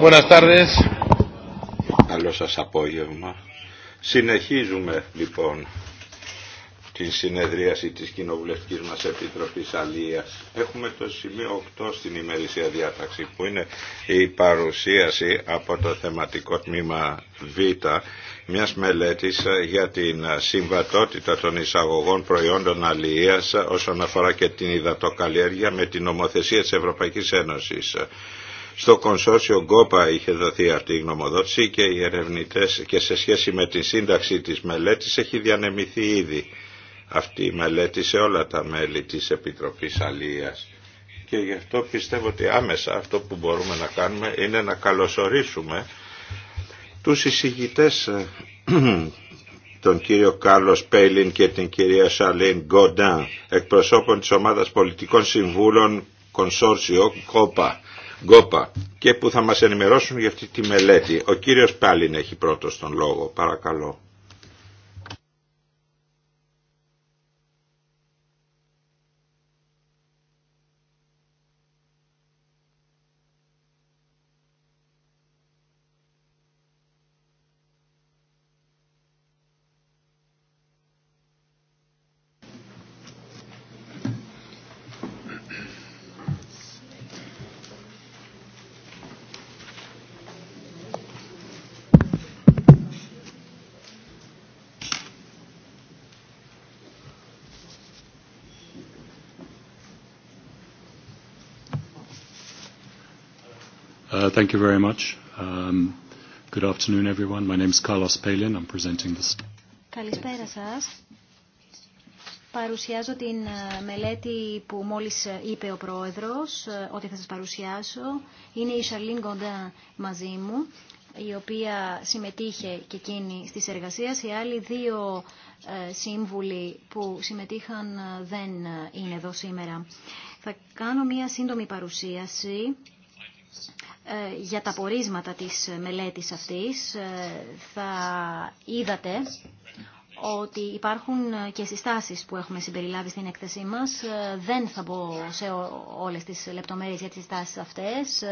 Buenas tardes. Καλό σας απόγευμα. Συνεχίζουμε λοιπόν την συνεδρίαση της Κοινοβουλευτικής μας Επιτροπής Αλίας. Έχουμε το σημείο 8 στην ημερήσια διάταξη που είναι η παρουσίαση από το θεματικό τμήμα Β μιας μελέτης για την συμβατότητα των εισαγωγών προϊόντων αλίας όσον αφορά και την υδατοκαλλιέργεια με την νομοθεσία της Ευρωπαϊκής Ένωσης. Στο κονσόρσιο Γκόπα είχε δοθεί αυτή η γνωμοδότηση και οι ερευνητές και σε σχέση με τη σύνταξη της μελέτης έχει διανεμηθεί ήδη αυτή η μελέτη σε όλα τα μέλη της Επιτροπής Αλίας. Και γι' αυτό πιστεύω ότι άμεσα αυτό που μπορούμε να κάνουμε είναι να καλωσορίσουμε τους εισηγητές ε, τον κύριο Κάρλος Πέιλιν και την κυρία Σαλίν Γκοντάν, εκπροσώπων της ομάδας πολιτικών συμβούλων Κονσόρσιο Κόπα Γκόπα και που θα μας ενημερώσουν για αυτή τη μελέτη. Ο κύριος Πάλιν έχει πρώτος τον λόγο. Παρακαλώ. thank you very much. Um, good afternoon, everyone. My name is Carlos I'm presenting this. Καλησπέρα σας. Παρουσιάζω την ε, μελέτη που μόλις ε, είπε ο Πρόεδρος ε, ότι θα σας παρουσιάσω. Είναι η Σαρλίν Κοντά μαζί μου, η οποία συμμετείχε και εκείνη στις εργασίες. Οι άλλοι δύο σύμβουλοι που συμμετείχαν δεν είναι εδώ σήμερα. Θα κάνω μία σύντομη παρουσίαση ε, για τα πορίσματα της μελέτης αυτής ε, θα είδατε ότι υπάρχουν και συστάσεις που έχουμε συμπεριλάβει στην έκθεσή μας. Ε, δεν θα μπω σε όλες τις λεπτομέρειες για τις συστάσεις αυτές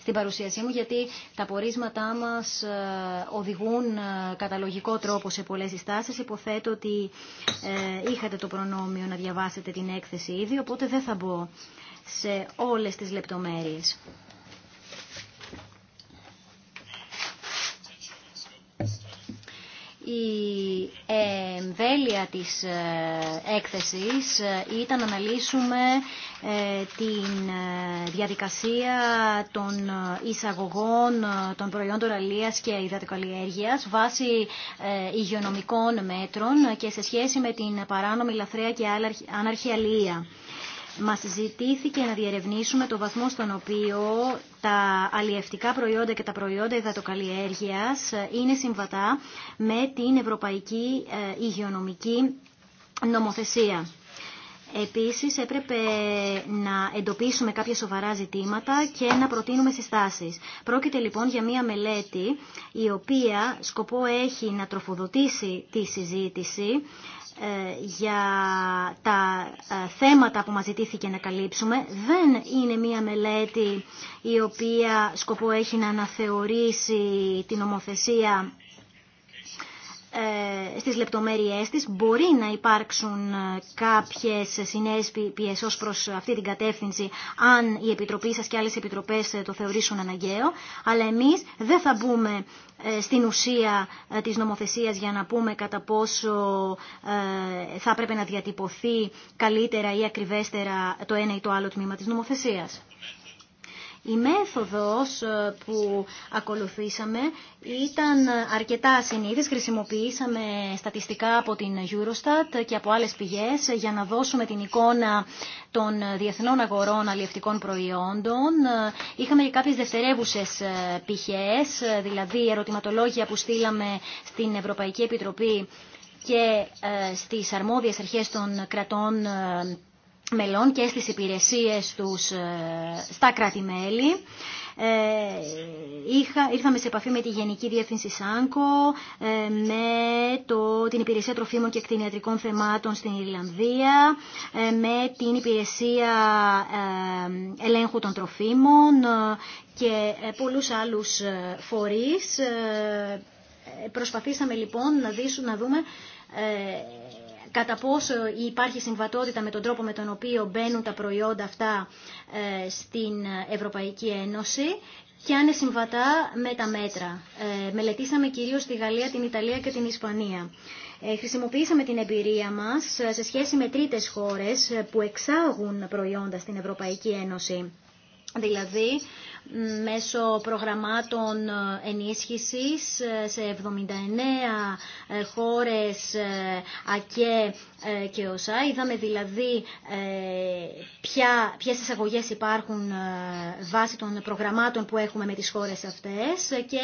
στην παρουσίασή μου, γιατί τα πορίσματά μας οδηγούν καταλογικό τρόπο σε πολλές συστάσεις. Υποθέτω ότι είχατε το προνόμιο να διαβάσετε την έκθεση ήδη, οπότε δεν θα μπω σε όλες τις λεπτομέρειες. η εμβέλεια της ε, έκθεσης ε, ήταν να αναλύσουμε ε, την διαδικασία των εισαγωγών των προϊόντων αλίας και υδατοκαλλιέργειας βάσει υγειονομικών μέτρων και σε σχέση με την παράνομη λαθρέα και άναρχη αλία. Μας συζητήθηκε να διερευνήσουμε το βαθμό στον οποίο τα αλλιευτικά προϊόντα και τα προϊόντα υδατοκαλλιέργειας είναι συμβατά με την Ευρωπαϊκή ε, Υγειονομική Νομοθεσία. Επίσης έπρεπε να εντοπίσουμε κάποια σοβαρά ζητήματα και να προτείνουμε συστάσεις. Πρόκειται λοιπόν για μια μελέτη η οποία σκοπό έχει να τροφοδοτήσει τη συζήτηση ε, για τα ε, θέματα που μας ζητήθηκε να καλύψουμε. Δεν είναι μία μελέτη η οποία σκοπό έχει να αναθεωρήσει την ομοθεσία ε, στις λεπτομέρειές της μπορεί να υπάρξουν ε, κάποιες συνέσπιες ως προς αυτή την κατεύθυνση αν η Επιτροπή σας και άλλες επιτροπές ε, το θεωρήσουν αναγκαίο αλλά εμείς δεν θα μπούμε στην ουσία της νομοθεσίας για να πούμε κατά πόσο θα πρέπει να διατυπωθεί καλύτερα ή ακριβέστερα το ένα ή το άλλο τμήμα της νομοθεσίας. Η μέθοδος ε, που ακολουθήσαμε ήταν αρκετά ασυνήθις. Χρησιμοποιήσαμε στατιστικά από την Eurostat και από άλλες πηγές για να δώσουμε την εικόνα των διεθνών αγορών αλλιευτικών προϊόντων. Είχαμε και κάποιες δευτερεύουσες ε, πηγές, ε, δηλαδή ερωτηματολόγια που στείλαμε στην Ευρωπαϊκή Επιτροπή και στις αρμόδιες αρχές των κρατών μελών και στις υπηρεσίες τους ε, στα κράτη-μέλη. Ε, ήρθαμε σε επαφή με τη Γενική Διεύθυνση ΣΑΝΚΟ, ε, με το, την Υπηρεσία Τροφίμων και Κτηνιατρικών Θεμάτων στην Ιρλανδία, με την Υπηρεσία Ελέγχου των Τροφίμων και πολλούς άλλους φορείς. Προσπαθήσαμε λοιπόν να, δήσουμε να δούμε κατά πόσο υπάρχει συμβατότητα με τον τρόπο με τον οποίο μπαίνουν τα προϊόντα αυτά ε, στην Ευρωπαϊκή Ένωση και αν είναι συμβατά με τα μέτρα. Ε, μελετήσαμε κυρίως τη Γαλλία, την Ιταλία και την Ισπανία. Ε, Χρησιμοποίησαμε την εμπειρία μας σε σχέση με τρίτες χώρες που εξάγουν προϊόντα στην Ευρωπαϊκή Ένωση δηλαδή μέσω προγραμμάτων ενίσχυσης σε 79 χώρες ε, ΑΚΕ ε, και ΟΣΑ. Είδαμε δηλαδή ε, ποια, ποιες εισαγωγές υπάρχουν βάσει των προγραμμάτων που έχουμε με τις χώρες αυτές και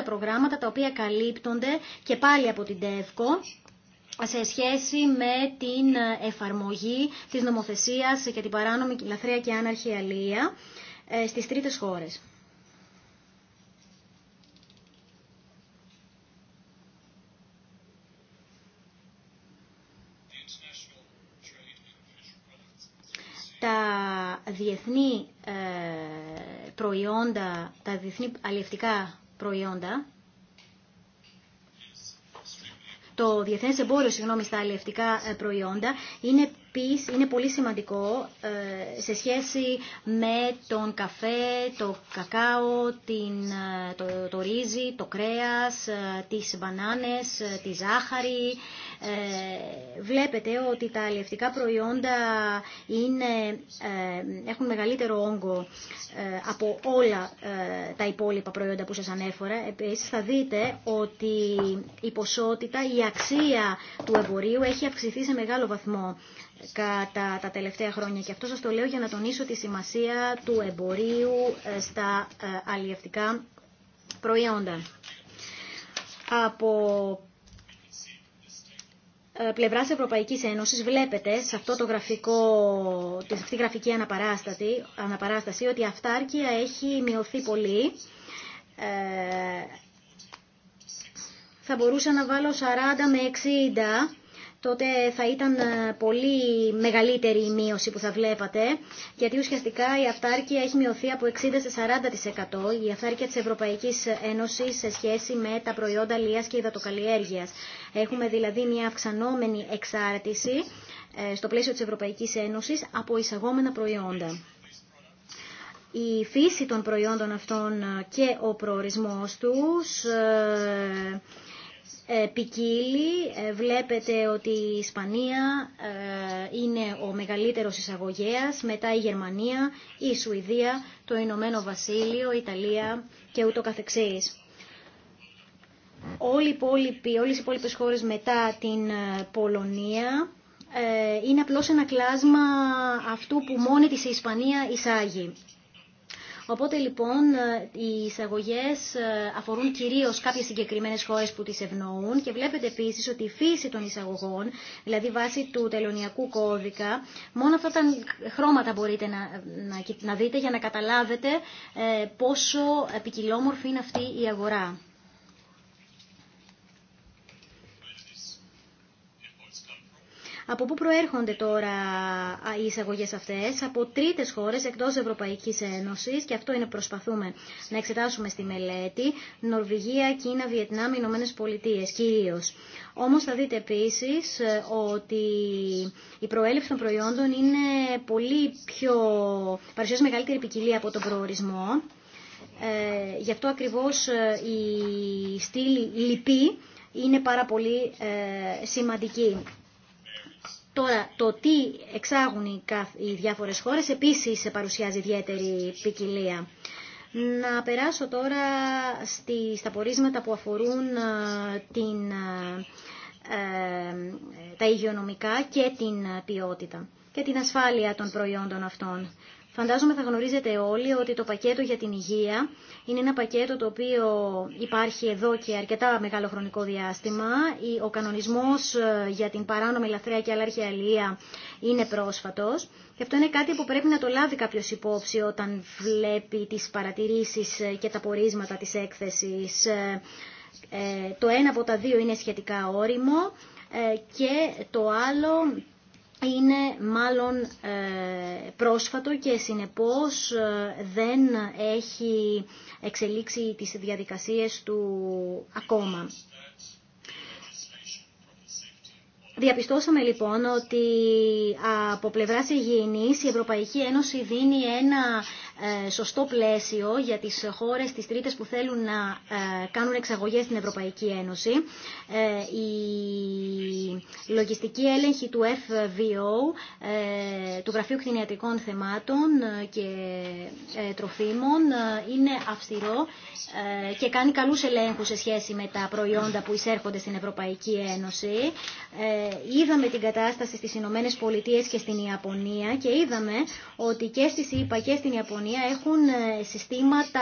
50 προγράμματα τα οποία καλύπτονται και πάλι από την ΤΕΒΚΟ σε σχέση με την ε, εφαρμογή της νομοθεσίας για την παράνομη λαθρεία και άναρχη αλία ε, στις τρίτες χώρες. Τα διεθνή ε, προϊόντα, τα διεθνή αλληλευτικά προϊόντα το διεθνές εμπόριο συγγνώμη, στα αλληλευτικά ε, προϊόντα είναι Επίσης είναι πολύ σημαντικό ε, σε σχέση με τον καφέ, το κακάο, την, ε, το, ρύζι, το κρέας, ε, τις μπανάνες, τη ζάχαρη. Βλέπετε ότι τα αλλιευτικά προϊόντα είναι, έχουν μεγαλύτερο όγκο από όλα τα υπόλοιπα προϊόντα που σας ανέφερα. Επίσης θα δείτε ότι η ποσότητα, η αξία του εμπορίου έχει αυξηθεί σε μεγάλο βαθμό κατά τα τελευταία χρόνια. Και αυτό σας το λέω για να τονίσω τη σημασία του εμπορίου ε, στα ε, αλλιευτικά προϊόντα. Από ε, πλευράς Ευρωπαϊκής Ένωσης βλέπετε σε αυτό το γραφικό, σε αυτή τη γραφική αναπαράσταση, ότι η αυτάρκεια έχει μειωθεί πολύ. θα μπορούσα να βάλω 40 με 60 τότε θα ήταν ε, πολύ μεγαλύτερη η μείωση που θα βλέπατε, γιατί ουσιαστικά η αυτάρκεια έχει μειωθεί από 60% σε 40% η αυτάρκεια της Ευρωπαϊκής Ένωσης σε σχέση με τα προϊόντα λίας και υδατοκαλλιέργειας. Έχουμε δηλαδή μια αυξανόμενη εξάρτηση ε, στο πλαίσιο της Ευρωπαϊκής Ένωσης από εισαγόμενα προϊόντα. Η φύση των προϊόντων αυτών και ο προορισμός τους ε, ε, ποικίλει. Ε, βλέπετε ότι η Ισπανία ε, είναι ο μεγαλύτερος εισαγωγέας, μετά η Γερμανία, η Σουηδία, το Ηνωμένο Βασίλειο, η Ιταλία και ούτω καθεξής. Όλοι οι υπόλοιποι, όλες οι υπόλοιπες χώρες μετά την Πολωνία είναι απλώς ένα κλάσμα αυτού που μόνη της η Ισπανία εισάγει. Οπότε λοιπόν ε, οι εισαγωγέ ε, αφορούν κυρίω κάποιε συγκεκριμένε χώρε που τι ευνοούν και βλέπετε επίση ότι η φύση των εισαγωγών, δηλαδή βάσει του τελωνιακού κώδικα, μόνο αυτά τα χρώματα μπορείτε να, να, να δείτε για να καταλάβετε ε, πόσο επικοινόμορφη είναι αυτή η αγορά. Από πού προέρχονται τώρα οι εισαγωγέ αυτές, από τρίτες χώρες εκτός Ευρωπαϊκής Ένωσης και αυτό είναι που προερχονται τωρα οι εισαγωγε αυτες απο τριτες χωρες εκτος ευρωπαικης ενωσης και αυτο ειναι προσπαθουμε να εξετάσουμε στη μελέτη, Νορβηγία, Κίνα, Βιετνάμ, Ηνωμένε Πολιτείε κυρίω. Όμως θα δείτε επίσης ε, ότι η προέλευση των προϊόντων είναι πολύ πιο, παρουσιάζει μεγαλύτερη ποικιλία από τον προορισμό. Ε, γι' αυτό ακριβώς ε, η στήλη λυπή είναι πάρα πολύ ε, σημαντική. Τώρα, το τι εξάγουν οι διάφορες χώρες επίσης παρουσιάζει ιδιαίτερη ποικιλία. Να περάσω τώρα στη, στα πορίσματα που αφορούν ε, την, ε, ε, τα υγειονομικά και την ποιότητα και την ασφάλεια των προϊόντων αυτών. Φαντάζομαι θα γνωρίζετε όλοι ότι το πακέτο για την υγεία είναι ένα πακέτο το οποίο υπάρχει εδώ και αρκετά μεγάλο χρονικό διάστημα. Ο κανονισμός ε, για την παράνομη λαθρέα και αλλαρχιαλία είναι πρόσφατος. Και αυτό είναι κάτι που πρέπει να το λάβει κάποιος υπόψη όταν βλέπει τις παρατηρήσεις ε, και τα πορίσματα της έκθεσης. Ε, το ένα από τα δύο είναι σχετικά όριμο και το άλλο είναι μάλλον ε, πρόσφατο και συνεπώς ε, δεν έχει εξελίξει τις διαδικασίες του ακόμα. Διαπιστώσαμε λοιπόν ότι από πλευράς υγιεινής η Ευρωπαϊκή Ένωση δίνει ένα ε, σωστό πλαίσιο για τις χώρες, τις τρίτες που θέλουν να ε, κάνουν εξαγωγές στην Ευρωπαϊκή Ένωση. Ε, η λογιστική έλεγχη του FVO, του Γραφείου Κτηνιατρικών Θεμάτων και Τροφίμων, είναι αυστηρό και κάνει καλούς ελέγχους σε σχέση με τα προϊόντα που εισέρχονται στην Ευρωπαϊκή Ένωση. Είδαμε την κατάσταση στις Ηνωμένε Πολιτείε και στην Ιαπωνία και είδαμε ότι και στις ΗΠΑ και στην Ιαπωνία επικοινωνία έχουν ε, συστήματα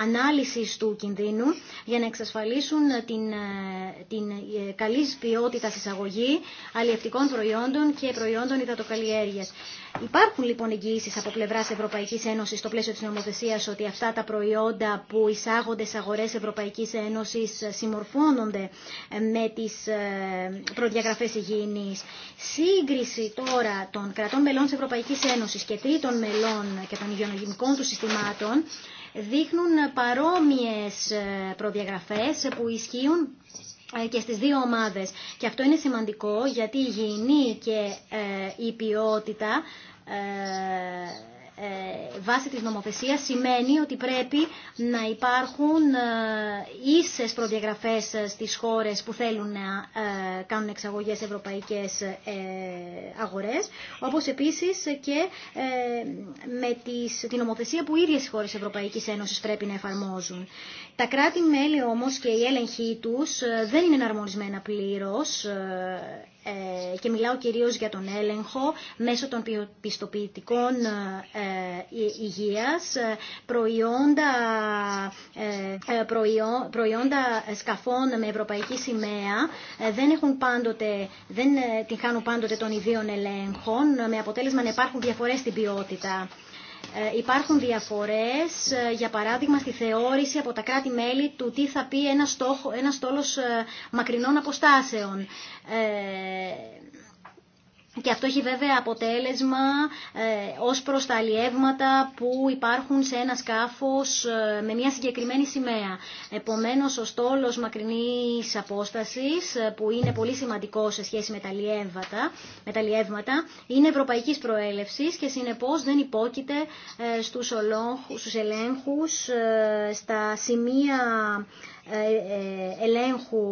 ανάλυσης του κινδύνου για να εξασφαλίσουν ε, την, ε, την καλή ποιότητα εισαγωγή αλλιευτικών προϊόντων και προϊόντων υδατοκαλλιέργειας. Υπάρχουν λοιπόν εγγυήσει από πλευρά Ευρωπαϊκή Ένωση στο πλαίσιο τη νομοθεσία ότι αυτά τα προϊόντα που εισάγονται σε αγορέ Ευρωπαϊκή Ένωση συμμορφώνονται με τι προδιαγραφέ υγιεινή. Σύγκριση τώρα των κρατών μελών τη Ευρωπαϊκή Ένωση και τρίτων μελών και των δυναμικών του συστημάτων δείχνουν παρόμοιες ε, προδιαγραφές που ισχύουν ε, και στις δύο ομάδες. Και αυτό είναι σημαντικό γιατί η υγιεινή και ε, η ποιότητα ε, βάση της νομοθεσίας σημαίνει ότι πρέπει να υπάρχουν ε, ίσες προδιαγραφές ε, στις χώρες που θέλουν να κάνουν εξαγωγές σε ευρωπαϊκές αγορές, όπως επίσης και με την νομοθεσία που οι ίδιες οι χώρες Ευρωπαϊκής Ένωσης πρέπει να εφαρμόζουν. Τα κράτη-μέλη όμως και οι έλεγχοι τους ε, δεν είναι εναρμονισμένα πλήρως ε, ε, και μιλάω κυρίως για τον έλεγχο μέσω των πιστοποιητικών υγείας, προϊόντα, προϊόντα σκαφών με ευρωπαϊκή σημαία δεν, έχουν πάντοτε, δεν την χάνουν πάντοτε των ιδίων ελέγχων με αποτέλεσμα να υπάρχουν διαφορές στην ποιότητα. Ε, υπάρχουν διαφορές, ε, για παράδειγμα, στη θεώρηση από τα κράτη-μέλη του τι θα πει ένα, στόχο, ένα ε, μακρινών αποστάσεων. Και αυτό έχει βέβαια αποτέλεσμα ε, ως προς τα αλλιεύματα που υπάρχουν σε ένα σκάφος ε, με μια συγκεκριμένη σημαία. Επομένως, ο στόλος μακρινής απόστασης, ε, που είναι πολύ σημαντικό σε σχέση με τα αλλιεύματα, με τα είναι ευρωπαϊκής προέλευσης και συνεπώς δεν υπόκειται στους, ολόχους στους ελέγχους, στα σημεία ε, ε, ελέγχου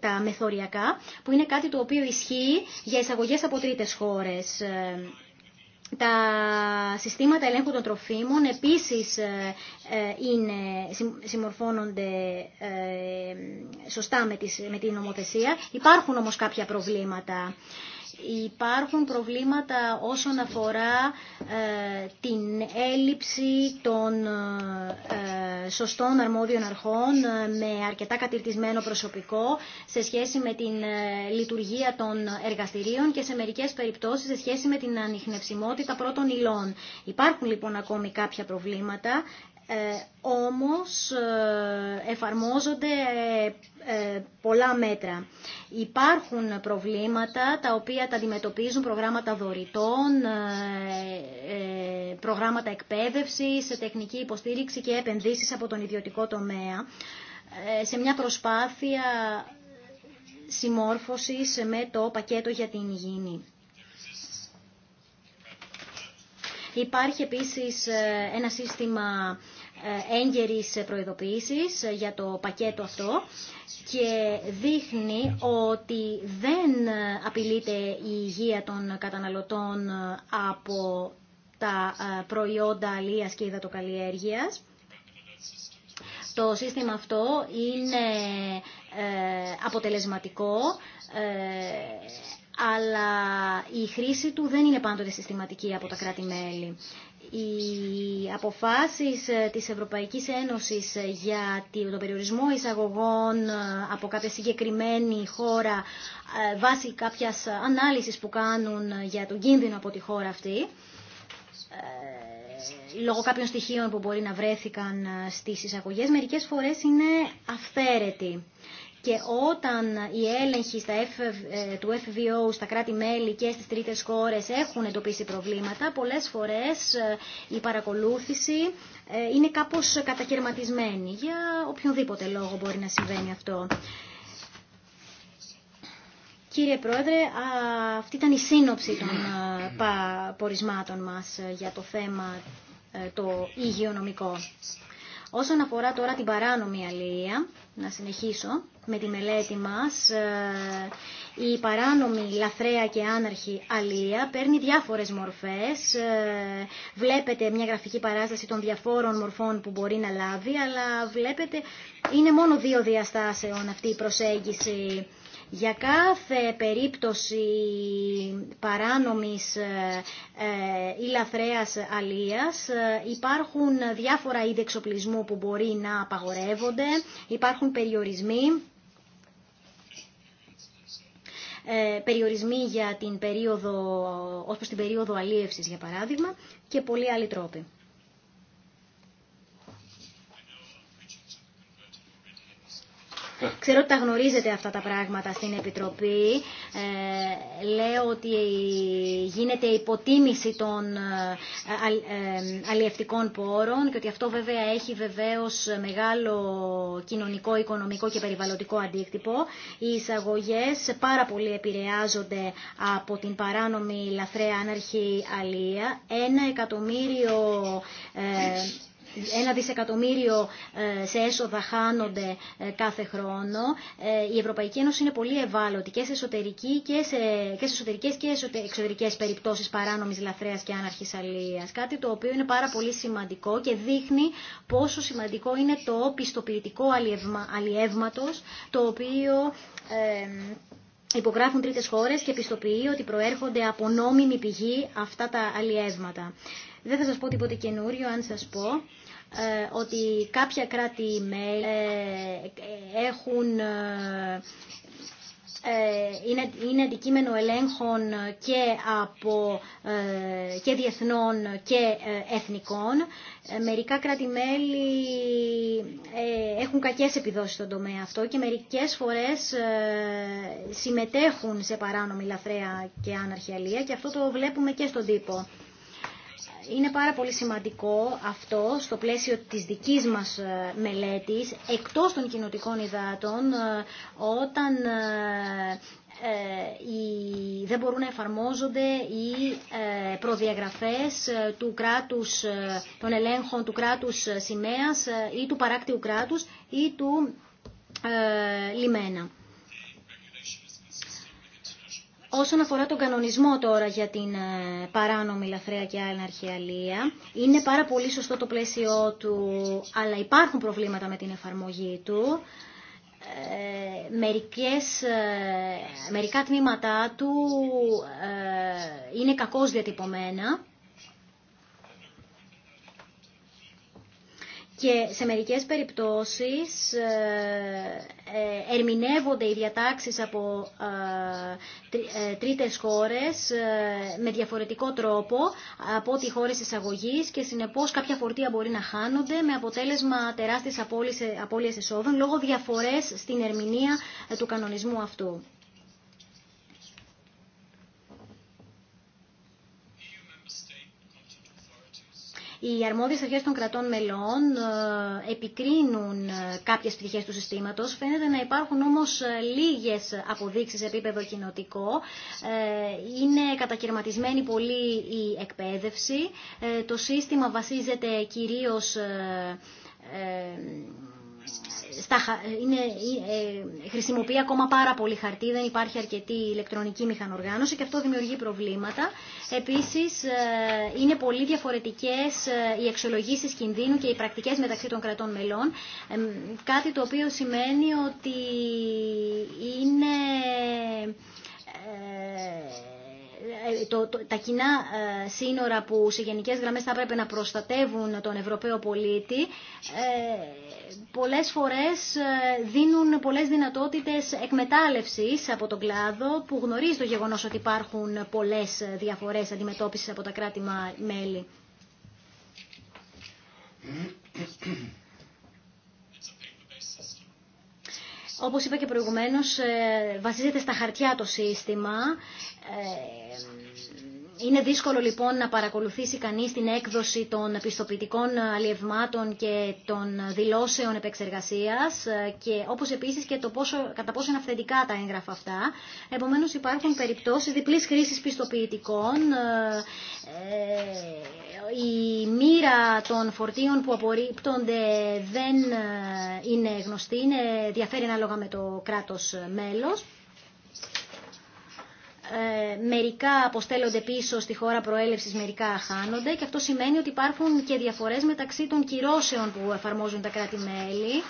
τα μεθοριακά, που είναι κάτι το οποίο ισχύει για εισαγωγές από τρίτες χώρες. Ε, τα συστήματα ελέγχου των τροφίμων επίσης είναι, συμμορφώνονται σωστά με, την νομοθεσία. Υπάρχουν όμως κάποια προβλήματα υπάρχουν προβλήματα όσον αφορά ε, την έλλειψη των ε, σωστών αρμόδιων αρχών ε, με αρκετά κατηρτισμένο προσωπικό σε σχέση με την λειτουργία των εργαστηρίων και σε μερικές περιπτώσεις σε σχέση με την ανιχνευσιμότητα πρώτων υλών. Υπάρχουν λοιπόν ακόμη κάποια προβλήματα ε, όμως ε, εφαρμόζονται ε, πολλά μέτρα. Υπάρχουν προβλήματα τα οποία τα αντιμετωπίζουν προγράμματα δωρητών, προγράμματα εκπαίδευσης, τεχνική υποστήριξη και επενδύσεις από τον ιδιωτικό τομέα σε μια προσπάθεια συμμόρφωσης με το πακέτο για την υγιεινή. Υπάρχει επίσης ένα σύστημα ε, έγκαιρης προειδοποίησης για το πακέτο αυτό και δείχνει ότι δεν απειλείται η υγεία των καταναλωτών από τα ε, προϊόντα αλίας και υδατοκαλλιέργειας. Το σύστημα αυτό είναι ε, αποτελεσματικό, αλλά η χρήση του δεν είναι πάντοτε συστηματική από τα κράτη-μέλη οι αποφάσεις ε, της Ευρωπαϊκής Ένωσης ε, για τον περιορισμό εισαγωγών ε, από κάποια συγκεκριμένη χώρα βάσει κάποιας ανάλυσης που κάνουν για τον κίνδυνο από τη χώρα αυτή λόγω κάποιων στοιχείων που μπορεί να βρέθηκαν στις εισαγωγές μερικές φορές είναι αυθαίρετοι και όταν οι έλεγχοι στα F, ε, του FVO στα κράτη-μέλη και στις τρίτες χώρες έχουν εντοπίσει προβλήματα, πολλές φορές ε, η παρακολούθηση ε, είναι κάπως κατακαιρματισμένη. Για οποιονδήποτε λόγο μπορεί να συμβαίνει αυτό. Κύριε Πρόεδρε, αυτή ήταν η σύνοψη των πορισμάτων μας για το θέμα το υγειονομικό. Όσον αφορά τώρα την παράνομη αλληλεία, να συνεχίσω με τη μελέτη μας, ε, η παράνομη, λαθρέα και άναρχη αλία παίρνει διάφορες μορφές. Ε, βλέπετε μια γραφική παράσταση των διαφόρων μορφών που μπορεί να λάβει, αλλά βλέπετε είναι μόνο δύο διαστάσεων αυτή η προσέγγιση για κάθε περίπτωση παράνομης ή ε, ε, λαθρέας αλίας ε, υπάρχουν διάφορα είδη εξοπλισμού που μπορεί να απαγορεύονται, υπάρχουν περιορισμοί περιορισμοί για την περίοδο, ως προς την περίοδο αλίευσης για παράδειγμα και πολλοί άλλοι τρόποι. Ξέρω ότι τα γνωρίζετε αυτά τα πράγματα στην Επιτροπή. Ε, λέω ότι γίνεται υποτίμηση των ε, ε, αλλιευτικών πόρων και ότι αυτό βέβαια έχει βεβαίως μεγάλο κοινωνικό, οικονομικό και περιβαλλοντικό αντίκτυπο. Οι εισαγωγές πάρα πολύ επηρεάζονται από την παράνομη λαθρέα άναρχη αλία. Ένα εκατομμύριο ένα δισεκατομμύριο ε, σε έσοδα χάνονται ε, κάθε χρόνο. Ε, η Ευρωπαϊκή Ένωση είναι πολύ ευάλωτη και σε, εσωτερικέ και σε, και σε εσωτερικές και εξωτερικές περιπτώσεις παράνομης λαθρέας και άναρχης αλίας. Κάτι το οποίο είναι πάρα πολύ σημαντικό και δείχνει πόσο σημαντικό είναι το πιστοποιητικό αλλιεύματος το οποίο υπογράφουν τρίτες χώρες και επιστοποιεί ότι προέρχονται από νόμιμη πηγή αυτά τα αλλιεύματα. Δεν θα σας πω τίποτε καινούριο αν σας πω ε, ότι κάποια κράτη-μέλη ε, ε, έχουν ε, είναι, είναι αντικείμενο ελέγχων ε, και, από, ε, και διεθνών και εθνικών. Μερικά κράτη-μέλη έχουν κακές επιδόσεις στον τομέα αυτό και μερικές φορές συμμετέχουν σε παράνομη λαθρέα και αναρχιαλία και αυτό το βλέπουμε και στον τύπο είναι πάρα πολύ σημαντικό αυτό στο πλαίσιο της δικής μας ε, μελέτης, εκτός των κοινοτικών υδάτων, ε, όταν ε, οι, δεν μπορούν να εφαρμόζονται οι προδιαγραφές του κράτους, των ελέγχων του κράτους σημαία ή του παράκτιου κράτους ή του λιμένα. Όσον αφορά τον κανονισμό τώρα για την ε, παράνομη λαθρέα και άλλη αρχαιαλία, είναι πάρα πολύ σωστό το πλαίσιο του, αλλά υπάρχουν προβλήματα με την εφαρμογή του. Ε, μερικές, ε, μερικά τμήματά του είναι κακώς διατυπωμένα και σε μερικές περιπτώσεις ε, ε, ερμηνεύονται οι διατάξεις από ε, τρίτες χώρες με διαφορετικό τρόπο από ό,τι χώρες εισαγωγής και συνεπώς κάποια φορτία μπορεί να χάνονται με αποτέλεσμα τεράστιες απώλειες εσόδων λόγω διαφορές στην ερμηνεία του κανονισμού αυτού. Οι αρμόδιες αρχές των κρατών μελών ε, επικρίνουν ε, κάποιες πτυχές του συστήματος. Φαίνεται να υπάρχουν όμως ε, λίγες αποδείξεις σε επίπεδο κοινοτικό. Είναι κατακαιρματισμένη πολύ η εκπαίδευση. Το σύστημα βασίζεται κυρίως είναι, ε, ε, χρησιμοποιεί ακόμα πάρα πολύ χαρτί, δεν υπάρχει αρκετή ηλεκτρονική μηχανοργάνωση και αυτό δημιουργεί προβλήματα. Επίσης, ε, είναι πολύ διαφορετικές οι αξιολογήσεις κινδύνου και οι πρακτικές μεταξύ των κρατών μελών, κάτι το οποίο σημαίνει ότι είναι ε, το, τα κοινά ε, σύνορα που σε γενικές γραμμές θα πρέπει να προστατεύουν τον Ευρωπαίο πολίτη ε, πολλές φορές δίνουν πολλές δυνατότητες εκμετάλλευσης από τον κλάδο που γνωρίζει το γεγονός ότι υπάρχουν πολλές διαφορές αντιμετώπισης από τα κράτη-μέλη. Όπως είπα και προηγουμένως, βασίζεται στα χαρτιά το σύστημα ε, είναι δύσκολο λοιπόν να παρακολουθήσει κανείς την έκδοση των πιστοποιητικών αλλιευμάτων και των δηλώσεων επεξεργασίας και όπως επίσης και το πόσο, κατά πόσο είναι αυθεντικά τα έγγραφα αυτά. Επομένως υπάρχουν περιπτώσεις διπλής χρήσης πιστοποιητικών. Ε, η μοίρα των φορτίων που απορρίπτονται δεν ε, είναι γνωστή, είναι διαφέρει ανάλογα με το κράτος μέλος. Ε, μερικά αποστέλλονται πίσω στη χώρα προέλευσης, μερικά χάνονται και αυτό σημαίνει ότι υπάρχουν και διαφορές μεταξύ των κυρώσεων που εφαρμόζουν τα κράτη-μέλη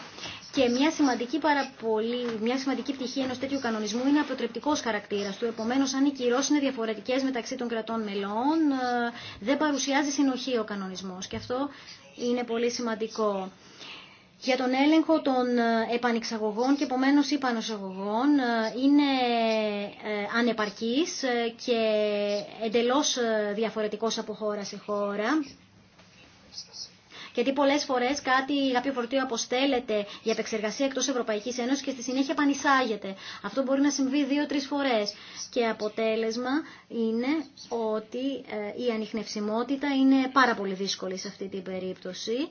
και μια σημαντική, παραπολή, μια σημαντική πτυχή ενός τέτοιου κανονισμού είναι αποτρεπτικός χαρακτήρας του. Επομένως, αν οι κυρώσεις είναι διαφορετικές μεταξύ των κρατών μελών, ε, δεν παρουσιάζει συνοχή ο κανονισμός και αυτό είναι πολύ σημαντικό για τον έλεγχο των ε, επανεξαγωγών και επομένω υπανοσαγωγών ε, είναι ε, ανεπαρκής και εντελώς διαφορετικός από χώρα σε χώρα. Γιατί πολλέ φορέ κάτι, κάποιο φορτίο αποστέλλεται για επεξεργασία εκτό Ευρωπαϊκή Ένωση και στη συνέχεια πανισάγεται. Αυτό μπορεί να συμβεί δύο-τρει φορέ. Και αποτέλεσμα είναι ότι η ανιχνευσιμότητα είναι πάρα πολύ δύσκολη σε αυτή την περίπτωση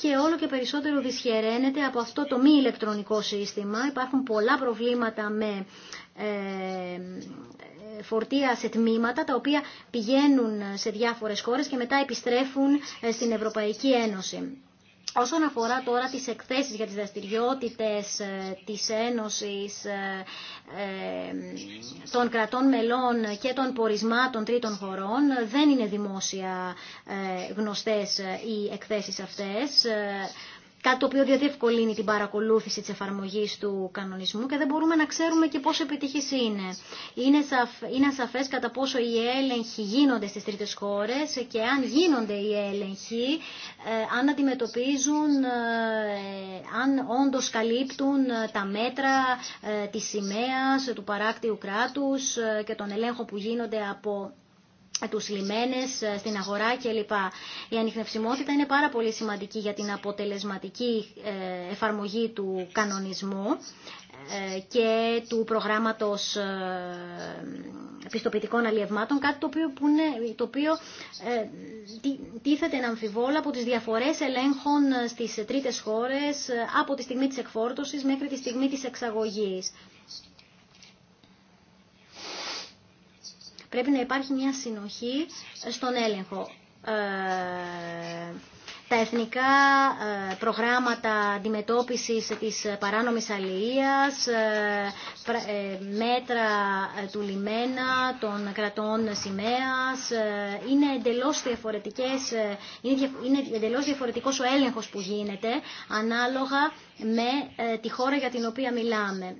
και όλο και περισσότερο δυσχεραίνεται από αυτό το μη ηλεκτρονικό σύστημα. Υπάρχουν πολλά προβλήματα με ε, ε, φορτία σε τμήματα τα οποία πηγαίνουν σε διάφορες χώρες και μετά επιστρέφουν ε, στην Ευρωπαϊκή Ένωση. Όσον αφορά τώρα τις εκθέσεις για τις δραστηριότητες ε, της Ένωσης ε, ε, των κρατών μελών και των πορισμάτων τρίτων χωρών, δεν είναι δημόσια γνωστές οι εκθέσεις αυτές κάτι το οποίο διευκολύνει την παρακολούθηση της εφαρμογή του κανονισμού και δεν μπορούμε να ξέρουμε και πόσο επιτυχής είναι. Είναι, σαφ, είναι κατά πόσο οι έλεγχοι γίνονται στις τρίτε χώρες και αν γίνονται οι έλεγχοι, ε, αν αντιμετωπίζουν, ε, αν όντως καλύπτουν ε, τα μέτρα ε, της σημαία, ε, του παράκτιου κράτους και τον ελέγχων που γίνονται από ε, τους λιμένες ε, στην αγορά κλπ. Η ανιχνευσιμότητα είναι πάρα πολύ σημαντική για την αποτελεσματική ε, εφαρμογή του κανονισμού και του προγράμματος πιστοποιητικών αλλιευμάτων, κάτι το οποίο, που το οποίο τίθεται να αμφιβόλα από τις διαφορές ελέγχων στις τρίτες χώρες από τη στιγμή της εκφόρτωσης μέχρι τη στιγμή της εξαγωγής. Πρέπει να υπάρχει μια συνοχή στον έλεγχο. Ε, τα εθνικά ε, προγράμματα αντιμετώπισης της παράνομης αλληλείας, ε, μέτρα του λιμένα, των κρατών σημαίας, είναι εντελώς, διαφορετικές, είναι εντελώς διαφορετικός ο έλεγχος που γίνεται ανάλογα με τη χώρα για την οποία μιλάμε.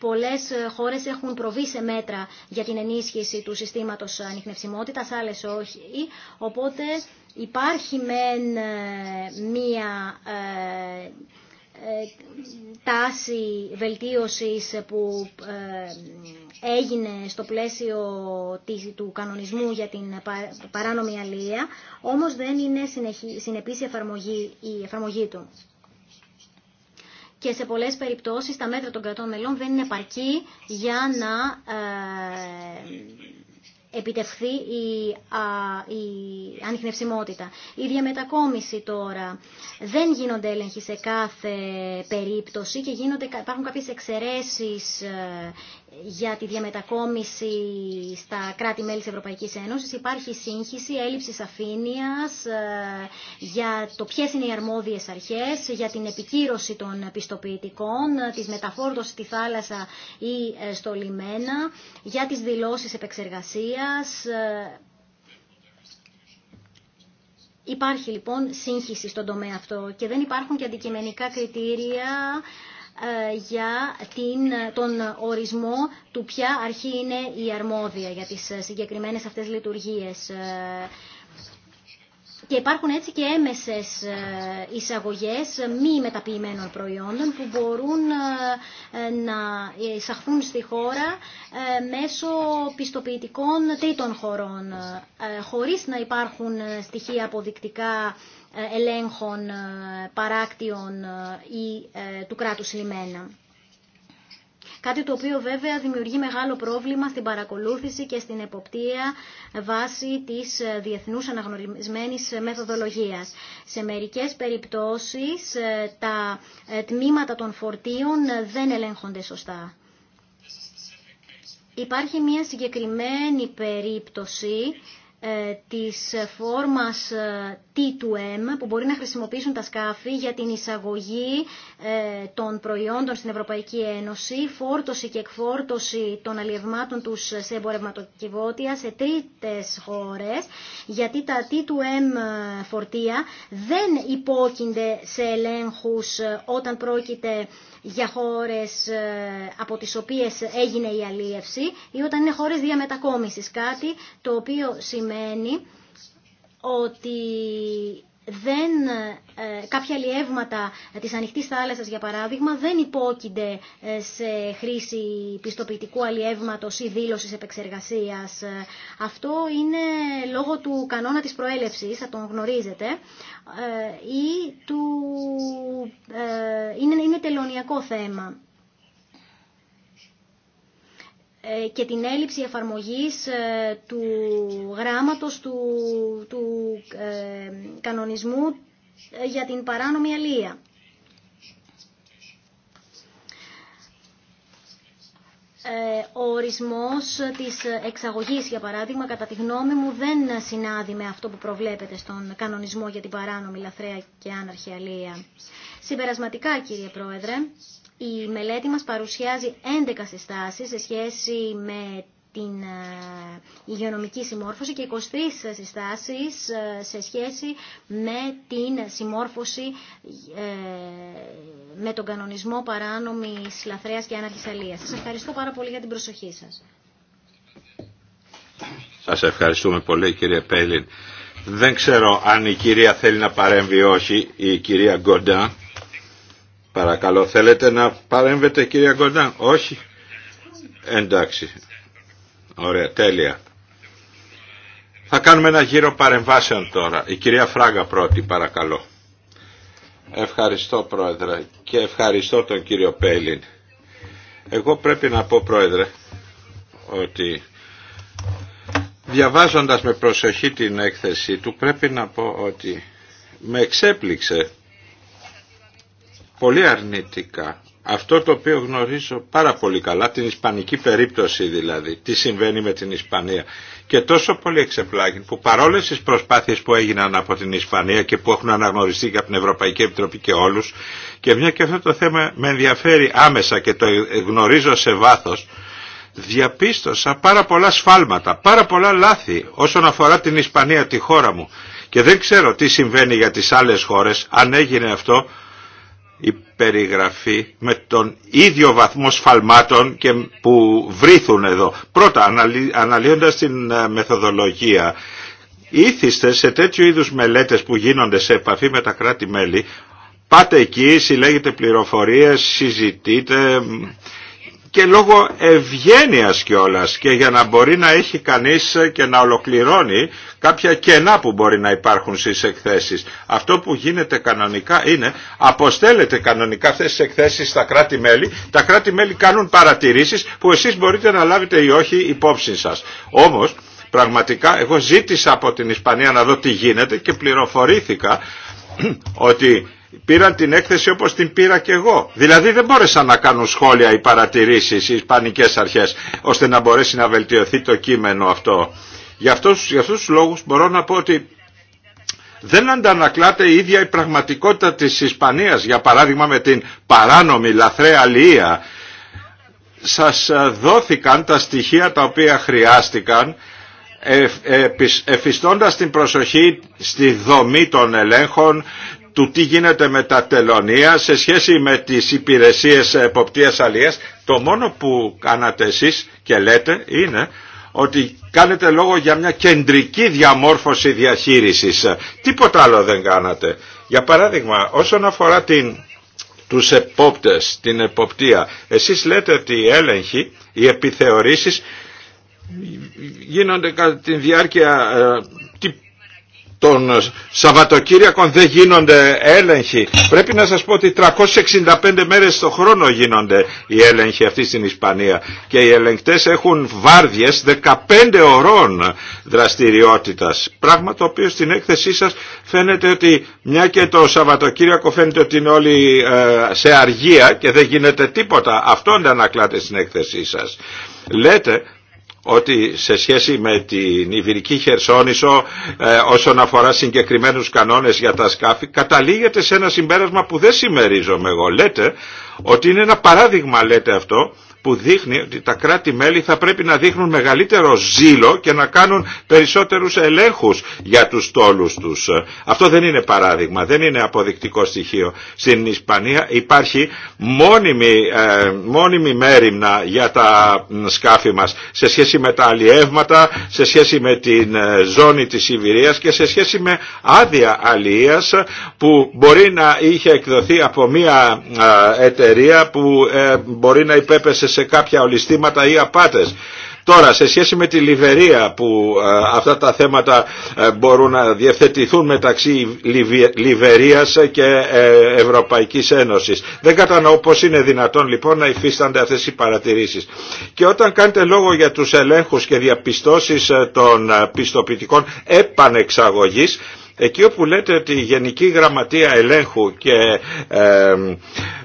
Πολλέ ε, χώρες έχουν προβεί σε μέτρα για την ενίσχυση του συστήματος ανιχνευσιμότητας, άλλε όχι. Οπότε υπάρχει μεν ε, μία ε, τάση βελτίωσης που έγινε στο πλαίσιο του κανονισμού για την παράνομη αλληλεία, όμως δεν είναι συνεπής η εφαρμογή του και σε πολλές περιπτώσεις τα μέτρα των κρατών μελών δεν είναι επαρκή για να ε, επιτευχθεί η, α, η ανιχνευσιμότητα. Η διαμετακόμιση τώρα δεν γίνονται έλεγχοι σε κάθε περίπτωση και γίνονται, υπάρχουν κάποιες εξαιρέσεις ε, για τη διαμετακόμιση στα κράτη-μέλη της Ευρωπαϊκής Ένωσης. Υπάρχει σύγχυση, έλλειψη σαφήνειας ε, για το ποιες είναι οι αρμόδιες αρχές, για την επικύρωση των πιστοποιητικών, ε, της μεταφόρτωσης στη θάλασσα ή ε, στο λιμένα, για τις δηλώσεις επεξεργασίας. Υπάρχει λοιπόν σύγχυση στον τομέα αυτό και δεν υπάρχουν και αντικειμενικά κριτήρια ε, για την, τον ορισμό του ποια αρχή είναι η αρμόδια για τις ε, συγκεκριμένες αυτές λειτουργίες. Ε. Και υπάρχουν έτσι και έμεσες εισαγωγές μη μεταποιημένων προϊόντων που μπορούν να εισαχθούν στη χώρα μέσω πιστοποιητικών τρίτων χωρών, χωρίς να υπάρχουν στοιχεία αποδεικτικά ε, ελέγχων ε, παράκτιων ε, ή του κράτους λιμένα. Κάτι το οποίο βέβαια δημιουργεί μεγάλο πρόβλημα στην παρακολούθηση και στην εποπτεία βάσει της διεθνούς αναγνωρισμένης μεθοδολογίας. Σε μερικές περιπτώσεις τα τμήματα των φορτίων δεν ελέγχονται σωστά. Υπάρχει μια συγκεκριμένη περίπτωση ε, της φόρμας ε, T2M που μπορεί να χρησιμοποιήσουν τα σκάφη για την εισαγωγή ε, των προϊόντων στην Ευρωπαϊκή Ένωση, φόρτωση και εκφόρτωση των αλλιευμάτων τους σε εμπορευματοκιβώτια σε τρίτες χώρες, γιατί τα T2M φορτία δεν υπόκεινται σε ελέγχους όταν πρόκειται για χώρες από τις οποίες έγινε η αλίευση ή όταν είναι χώρες διαμετακόμισης, κάτι το οποίο σημαίνει ότι δεν, ε, κάποια αλλιεύματα της ανοιχτής θάλασσας, για παράδειγμα, δεν υπόκεινται ε, σε χρήση πιστοποιητικού αλλιεύματος ή δήλωσης επεξεργασίας. Ε, αυτό είναι λόγω του κανόνα της προέλευσης, θα τον γνωρίζετε, ή του, είναι, είναι τελωνιακό θέμα. Ε, και την έλλειψη εφαρμογής ε, του γράμματος του, ε, κανονισμού για την παράνομη αλία. Ο ορισμός της εξαγωγής, για παράδειγμα, κατά τη γνώμη μου δεν συνάδει με αυτό που προβλέπεται στον κανονισμό για την παράνομη λαθρέα και άναρχη αλία. Συμπερασματικά, κύριε Πρόεδρε, η μελέτη μας παρουσιάζει 11 συστάσεις σε σχέση με την ε, υγειονομική συμμόρφωση και 23 συστάσεις ε, σε σχέση με την συμμόρφωση ε, με τον κανονισμό παράνομης λαθρέας και άναρχης αλίας. Σας ευχαριστώ πάρα πολύ για την προσοχή σας. Σας ευχαριστούμε πολύ κύριε Πέλιν. Δεν ξέρω αν η κυρία θέλει να παρέμβει ή όχι, η κυρία Γκοντά. Παρακαλώ, θέλετε να παρέμβετε κυρία Γκοντά. Όχι. Εντάξει. Ωραία, τέλεια. Θα κάνουμε ένα γύρο παρεμβάσεων τώρα. Η κυρία Φράγκα πρώτη, παρακαλώ. Ευχαριστώ πρόεδρε και ευχαριστώ τον κύριο Πέλιν. Εγώ πρέπει να πω πρόεδρε ότι διαβάζοντας με προσοχή την έκθεση του πρέπει να πω ότι με εξέπληξε πολύ αρνητικά. Αυτό το οποίο γνωρίζω πάρα πολύ καλά, την ισπανική περίπτωση δηλαδή, τι συμβαίνει με την Ισπανία. Και τόσο πολύ εξεπλάγει που παρόλε τι προσπάθειε που έγιναν από την Ισπανία και που έχουν αναγνωριστεί και από την Ευρωπαϊκή Επιτροπή και όλου, και μια και αυτό το θέμα με ενδιαφέρει άμεσα και το γνωρίζω σε βάθο, διαπίστωσα πάρα πολλά σφάλματα, πάρα πολλά λάθη όσον αφορά την Ισπανία, τη χώρα μου. Και δεν ξέρω τι συμβαίνει για τι άλλε χώρε, αν έγινε αυτό η περιγραφή με τον ίδιο βαθμό σφαλμάτων και που βρίθουν εδώ. Πρώτα, αναλύοντας την ε, μεθοδολογία, ήθιστε σε τέτοιου είδους μελέτες που γίνονται σε επαφή με τα κράτη-μέλη, πάτε εκεί, συλλέγετε πληροφορίες, συζητείτε, και λόγω ευγένεια κιόλα και για να μπορεί να έχει κανείς και να ολοκληρώνει κάποια κενά που μπορεί να υπάρχουν στις εκθέσεις. Αυτό που γίνεται κανονικά είναι αποστέλλεται κανονικά αυτές τις εκθέσεις στα κράτη-μέλη. Τα κράτη-μέλη κάνουν παρατηρήσεις που εσείς μπορείτε να λάβετε ή όχι υπόψη σας. Όμως, πραγματικά, εγώ ζήτησα από την Ισπανία να δω τι γίνεται και πληροφορήθηκα ότι πήραν την έκθεση όπως την πήρα και εγώ. Δηλαδή δεν μπόρεσαν να κάνουν σχόλια οι παρατηρήσεις, οι ισπανικές αρχές, ώστε να μπορέσει να βελτιωθεί το κείμενο αυτό. Για αυτούς, για τους λόγους μπορώ να πω ότι δεν αντανακλάται η ίδια η πραγματικότητα της Ισπανίας, για παράδειγμα με την παράνομη λαθρέα λία. Σας ε, δόθηκαν τα στοιχεία τα οποία χρειάστηκαν, ε, ε, εφιστώντας την προσοχή στη δομή των ελέγχων, του τι γίνεται με τα τελωνία σε σχέση με τις υπηρεσίες εποπτείας αλίας, το μόνο που κάνατε εσείς και λέτε είναι ότι κάνετε λόγο για μια κεντρική διαμόρφωση διαχείρισης. Τίποτα άλλο δεν κάνατε. Για παράδειγμα, όσον αφορά την, τους επόπτες, την εποπτεία, εσείς λέτε ότι οι έλεγχοι, οι επιθεωρήσεις γίνονται κατά τη διάρκεια ε, των Σαββατοκύριακων δεν γίνονται έλεγχοι. Πρέπει να σας πω ότι 365 μέρες το χρόνο γίνονται οι έλεγχοι αυτοί στην Ισπανία και οι ελεγκτές έχουν βάρδιες 15 ωρών δραστηριότητας. Πράγμα το οποίο στην έκθεσή σας φαίνεται ότι μια και το Σαββατοκύριακο φαίνεται ότι είναι όλοι ε, σε αργία και δεν γίνεται τίποτα. Αυτό αντανακλάται στην έκθεσή σας. Λέτε ότι σε σχέση με την Ιβυρική Χερσόνησο ε, όσον αφορά συγκεκριμένους κανόνες για τα σκάφη καταλήγεται σε ένα συμπέρασμα που δεν συμμερίζομαι εγώ. Λέτε ότι είναι ένα παράδειγμα λέτε αυτό που δείχνει ότι τα κράτη-μέλη θα πρέπει να δείχνουν μεγαλύτερο ζήλο και να κάνουν περισσότερους ελέγχους για τους τόλους τους. Αυτό δεν είναι παράδειγμα, δεν είναι αποδεικτικό στοιχείο. Στην Ισπανία υπάρχει μόνιμη, ε, μόνιμη μέρημνα για τα σκάφη μας σε σχέση με τα αλλιεύματα, σε σχέση με την ε, ζώνη της Σιβηρίας και σε σχέση με άδεια αλλιείας που μπορεί να είχε εκδοθεί από μια ε, εταιρεία που μπορεί να υπέπεσε σε κάποια ολιστήματα ή απάτες. Τώρα, σε σχέση με τη Λιβερία που ε, αυτά τα θέματα ε, μπορούν να διευθετηθούν μεταξύ Λιβερίας και ε, Ευρωπαϊκής Ένωσης. Δεν κατανοώ πώς είναι δυνατόν λοιπόν να υφίστανται αυτές οι παρατηρήσεις. Και όταν κάνετε λόγο για τους ελέγχους και διαπιστώσεις των πιστοποιητικών επανεξαγωγής, Εκεί όπου λέτε ότι η Γενική Γραμματεία Ελέγχου και ε,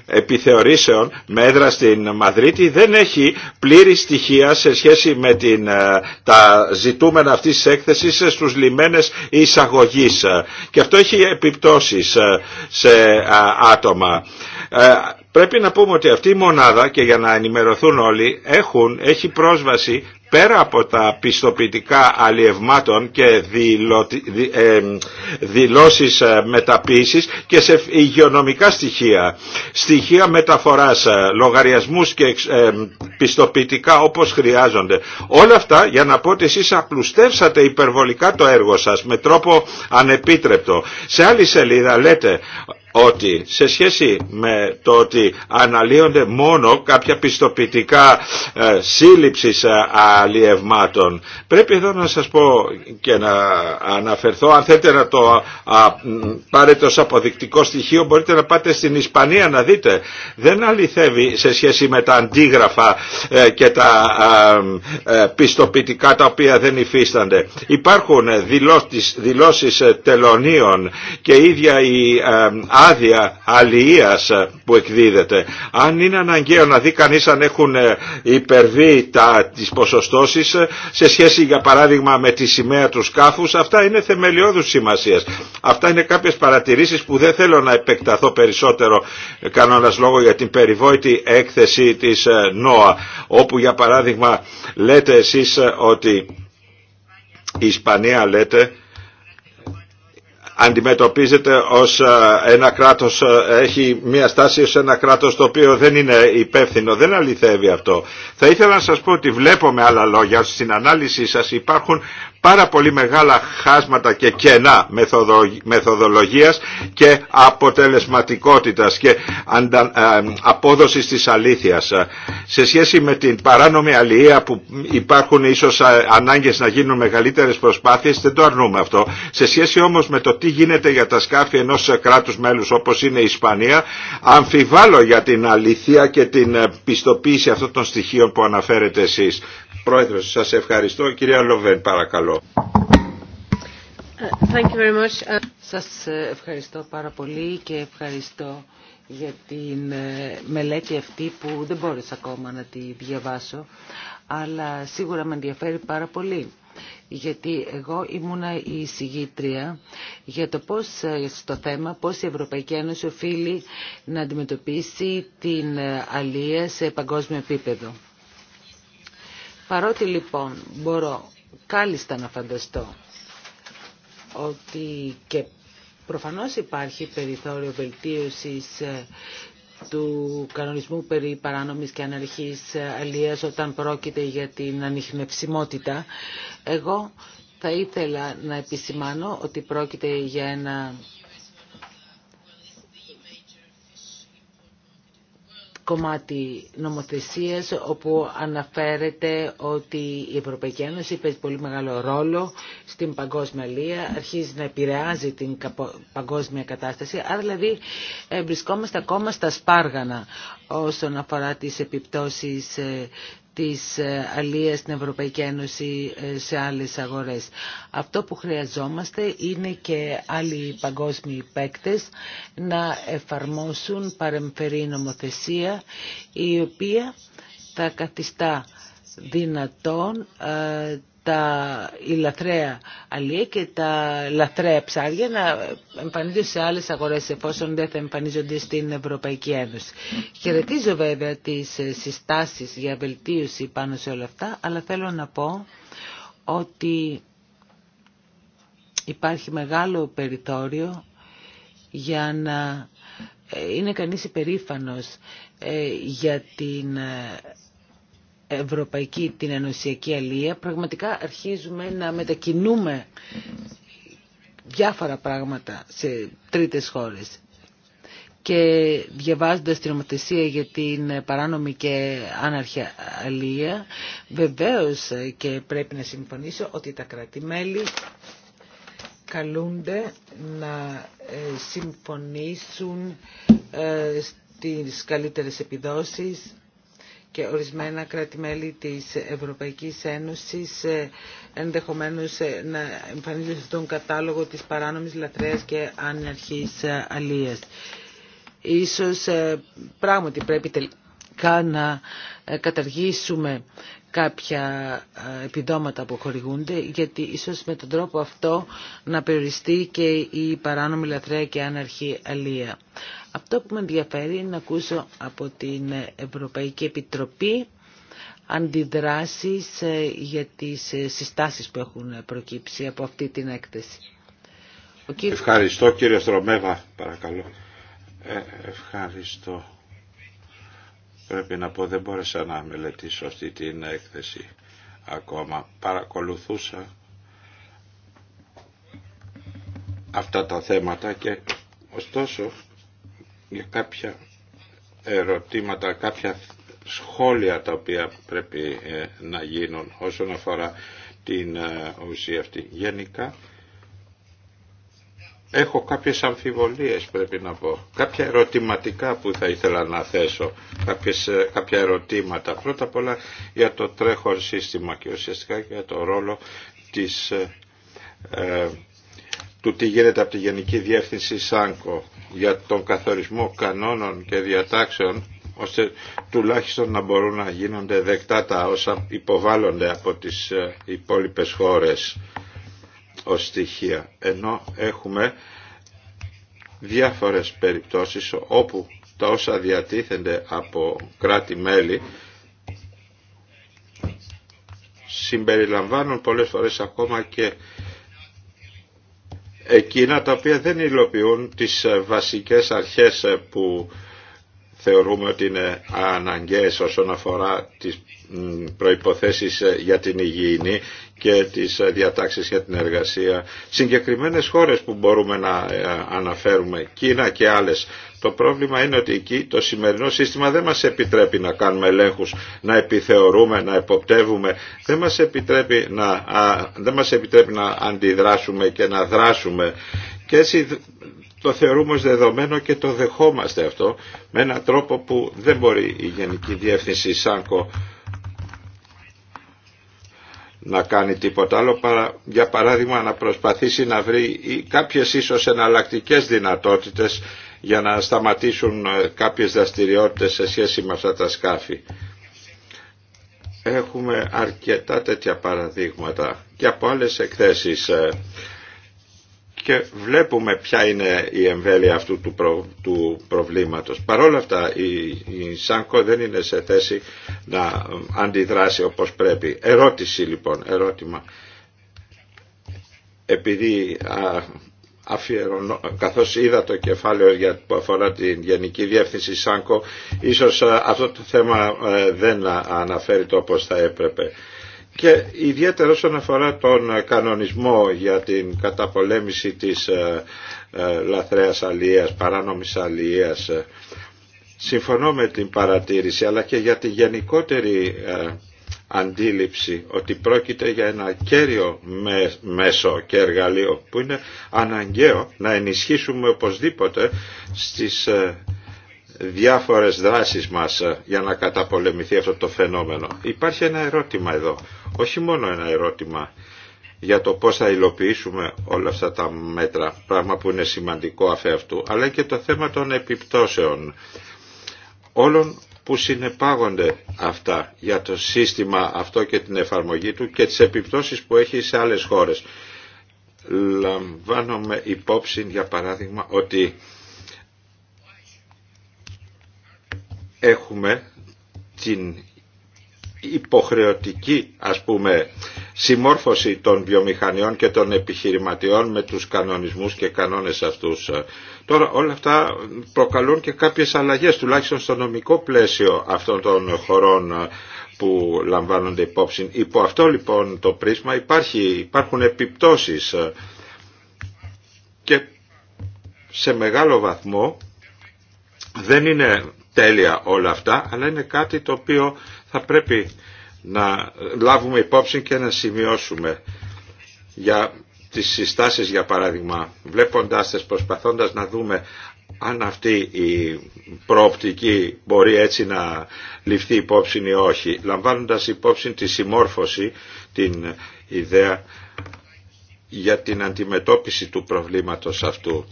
Επιθεωρήσεων με έδρα στην Μαδρίτη δεν έχει πλήρη στοιχεία σε σχέση με την, ε, τα ζητούμενα αυτής της έκθεσης στους λιμένες εισαγωγής. Και αυτό έχει επιπτώσεις ε, σε άτομα. Πρέπει να πούμε ότι αυτή η μονάδα και για να ενημερωθούν όλοι έχουν, έχει πρόσβαση πέρα από τα πιστοποιητικά αλλιευμάτων και ε, δηλώσεις ε, μεταποίησης και σε υγειονομικά στοιχεία, στοιχεία μεταφοράς, ε, λογαριασμούς και πιστοποιητικά όπως χρειάζονται. Όλα αυτά για να πω ότι εσείς απλουστεύσατε υπερβολικά το έργο σας με τρόπο ανεπίτρεπτο. Σε άλλη σελίδα λέτε ότι σε σχέση με το ότι αναλύονται μόνο κάποια πιστοποιητικά ε, σύλληψης ε, αλλιευμάτων πρέπει εδώ να σας πω και να αναφερθώ αν θέλετε να το πάρετε ως αποδεικτικό στοιχείο μπορείτε να πάτε στην Ισπανία να δείτε δεν αληθεύει σε σχέση με τα αντίγραφα ε, και τα πιστοποιητικά τα οποία δεν υφίστανται υπάρχουν δηλώσεις τελωνίων και ίδια η άδεια αλληλείας που εκδίδεται. Αν είναι αναγκαίο να δει κανείς αν έχουν ε, υπερβεί τα, τις ποσοστώσεις ε, σε σχέση για παράδειγμα με τη σημαία του σκάφους, αυτά είναι θεμελιώδους σημασίας. Αυτά είναι κάποιες παρατηρήσεις που δεν θέλω να επεκταθώ περισσότερο ε, κανόνα λόγο για την περιβόητη έκθεση της ΝΟΑ, όπου για παράδειγμα λέτε εσείς ότι η Ισπανία λέτε αντιμετωπίζεται ως ε, ένα κράτος, ε, έχει μια στάση ως ένα κράτος το οποίο δεν είναι υπεύθυνο, δεν αληθεύει αυτό. Θα ήθελα να σας πω ότι βλέπω με άλλα λόγια στην ανάλυση σας υπάρχουν πάρα πολύ μεγάλα χάσματα και κενά μεθοδολογίας και αποτελεσματικότητας και ε, απόδοσης της αλήθειας. Σε σχέση με την παράνομη αλληλεία που υπάρχουν ίσως ε, ανάγκες να γίνουν μεγαλύτερες προσπάθειες, δεν το αρνούμε αυτό. Σε σχέση όμως με το τι γίνεται για τα σκάφη ενός ε, κράτους μέλους όπως είναι η Ισπανία, αμφιβάλλω για την αληθεία και την πιστοποίηση αυτών των στοιχείων που αναφέρετε εσείς. Πρόεδρος, σας ευχαριστώ. Κυρία Λοβέν, παρακαλώ. Ε, thank ε, Σας ε, ευχαριστώ πάρα πολύ και ευχαριστώ για την μελέτη αυτή που δεν μπόρεσα ακόμα να τη διαβάσω, αλλά σίγουρα με ενδιαφέρει πάρα πολύ γιατί εγώ ήμουνα η συγγήτρια για το πώς, στο θέμα πώς η Ευρωπαϊκή Ένωση οφείλει να αντιμετωπίσει την αλία σε παγκόσμιο επίπεδο. Παρότι λοιπόν μπορώ κάλλιστα να φανταστώ ότι και προφανώς υπάρχει περιθώριο βελτίωσης ε, του κανονισμού περί παράνομης και αναρχής ε, αλίας όταν πρόκειται για την ανιχνευσιμότητα. Εγώ θα ήθελα να επισημάνω ότι πρόκειται για ένα κομμάτι νομοθεσίας όπου αναφέρεται ότι η Ευρωπαϊκή Ένωση παίζει πολύ μεγάλο ρόλο στην παγκόσμια λία, αρχίζει να επηρεάζει την παγκόσμια κατάσταση, άρα δηλαδή ε, βρισκόμαστε ακόμα στα σπάργανα όσον αφορά τις επιπτώσεις ε, της ε, αλίας στην Ευρωπαϊκή Ένωση ε, σε άλλες αγορές. Αυτό που χρειαζόμαστε είναι και άλλοι παγκόσμιοι παίκτες να εφαρμόσουν παρεμφερή νομοθεσία η οποία θα καθιστά δυνατόν ε, τα, λαθρέα αλία και τα λαθρέα ψάρια να εμφανίζονται σε άλλες αγορές εφόσον δεν θα εμφανίζονται στην Ευρωπαϊκή Ένωση. Χαιρετίζω βέβαια τις συστάσεις για βελτίωση πάνω σε όλα αυτά, αλλά θέλω να πω ότι υπάρχει μεγάλο περιθώριο για να ε, είναι κανείς υπερήφανος ε, για την ε, ευρωπαϊκή, την ενωσιακή αλία, πραγματικά αρχίζουμε να μετακινούμε διάφορα πράγματα σε τρίτες χώρες. Και διαβάζοντας την ομοθεσία για την παράνομη και άναρχια αλία, βεβαίως και πρέπει να συμφωνήσω ότι τα κράτη-μέλη καλούνται να ε, συμφωνήσουν ε, στις καλύτερες επιδόσεις και ορισμένα κράτη-μέλη της Ευρωπαϊκής Ένωσης ε, ενδεχομένως ε, να εμφανίζονται στον κατάλογο της παράνομης λατρείας και ανερχής ε, αλίας. Ίσως πράγματι πρέπει κάνα να ε, καταργήσουμε κάποια ε, επιδόματα που χορηγούνται γιατί ίσως με τον τρόπο αυτό να περιοριστεί και η παράνομη λαθρέα και άναρχη αλία. Αυτό που με ενδιαφέρει είναι να ακούσω από την Ευρωπαϊκή Επιτροπή αντιδράσεις ε, για τις συστάσεις που έχουν προκύψει από αυτή την έκθεση. Ευχαριστώ κύριε Στρομέβα, παρακαλώ. ευχαριστώ πρέπει να πω δεν μπόρεσα να μελετήσω αυτή την έκθεση ακόμα. Παρακολουθούσα αυτά τα θέματα και ωστόσο για κάποια ερωτήματα, κάποια σχόλια τα οποία πρέπει ε, να γίνουν όσον αφορά την ε, ουσία αυτή. Γενικά Έχω κάποιες αμφιβολίες πρέπει να πω, κάποια ερωτηματικά που θα ήθελα να θέσω, ε, κάποια ερωτήματα. Πρώτα απ' όλα για το τρέχον σύστημα και ουσιαστικά για το ρόλο της, ε, ε, του τι γίνεται από τη Γενική Διεύθυνση ΣΑΝΚΟ για τον καθορισμό κανόνων και διατάξεων ώστε τουλάχιστον να μπορούν να γίνονται δεκτά τα όσα υποβάλλονται από τις υπόλοιπες χώρες ως στοιχεία, ενώ έχουμε διάφορες περιπτώσεις όπου τα όσα διατίθενται από κράτη-μέλη συμπεριλαμβάνουν πολλές φορές ακόμα και εκείνα τα οποία δεν υλοποιούν τις βασικές αρχές που θεωρούμε ότι είναι αναγκαίες όσον αφορά τις προϋποθέσεις ε, για την υγιεινή και τις ε, διατάξεις για την εργασία. Συγκεκριμένες χώρες που μπορούμε να ε, αναφέρουμε, Κίνα και άλλες, το πρόβλημα είναι ότι εκεί το σημερινό σύστημα δεν μας επιτρέπει να κάνουμε ελέγχους, να επιθεωρούμε, να εποπτεύουμε, δεν μας επιτρέπει να, μας επιτρέπει να αντιδράσουμε και να δράσουμε. Και έτσι το θεωρούμε ως δεδομένο και το δεχόμαστε αυτό με έναν τρόπο που δεν μπορεί η Γενική Διεύθυνση ΣΑΝΚΟ να κάνει τίποτα άλλο παρά για παράδειγμα να προσπαθήσει να βρει κάποιες ίσως εναλλακτικέ δυνατότητες για να σταματήσουν ε, κάποιες δραστηριότητες σε σχέση με αυτά τα σκάφη. Έχουμε αρκετά τέτοια παραδείγματα και από άλλες εκθέσεις ε, και βλέπουμε ποια είναι η εμβέλεια αυτού του, του προβλήματος. Παρόλα αυτά η, ΣΑΝΚΟ δεν είναι σε θέση να αντιδράσει όπως πρέπει. Ερώτηση λοιπόν, ερώτημα. Επειδή α, καθώς είδα το κεφάλαιο για, που αφορά την Γενική Διεύθυνση ΣΑΝΚΟ, ίσως ε, αυτό το θέμα ε, δεν αναφέρει το όπως θα έπρεπε και ιδιαίτερα όσον αφορά τον κανονισμό για την καταπολέμηση της ε, ε, λαθρέας αλίας, παράνομης αλίας. Ε, συμφωνώ με την παρατήρηση αλλά και για τη γενικότερη αντίληψη ότι πρόκειται για ένα κέριο μέσο και εργαλείο που είναι αναγκαίο να ενισχύσουμε οπωσδήποτε στις διάφορες δράσεις μας ε, για να καταπολεμηθεί αυτό το φαινόμενο. Υπάρχει ένα ερώτημα εδώ, όχι μόνο ένα ερώτημα για το πώς θα υλοποιήσουμε όλα αυτά τα μέτρα, πράγμα που είναι σημαντικό αυτού αλλά και το θέμα των επιπτώσεων όλων που συνεπάγονται αυτά για το σύστημα αυτό και την εφαρμογή του και τις επιπτώσεις που έχει σε άλλες χώρες. Λαμβάνομαι υπόψη για παράδειγμα ότι έχουμε την υποχρεωτική ας πούμε συμμόρφωση των βιομηχανιών και των επιχειρηματιών με τους κανονισμούς και κανόνες αυτούς. Τώρα όλα αυτά προκαλούν και κάποιες αλλαγές τουλάχιστον στο νομικό πλαίσιο αυτών των χωρών που λαμβάνονται υπόψη. Υπό αυτό λοιπόν το πρίσμα υπάρχει, υπάρχουν επιπτώσεις και σε μεγάλο βαθμό δεν είναι τέλεια όλα αυτά, αλλά είναι κάτι το οποίο θα πρέπει να λάβουμε υπόψη και να σημειώσουμε για τις συστάσεις για παράδειγμα, βλέποντάς τις, προσπαθώντας να δούμε αν αυτή η προοπτική μπορεί έτσι να ληφθεί υπόψη ή όχι, λαμβάνοντας υπόψη τη συμμόρφωση, την ιδέα για την αντιμετώπιση του προβλήματος αυτού.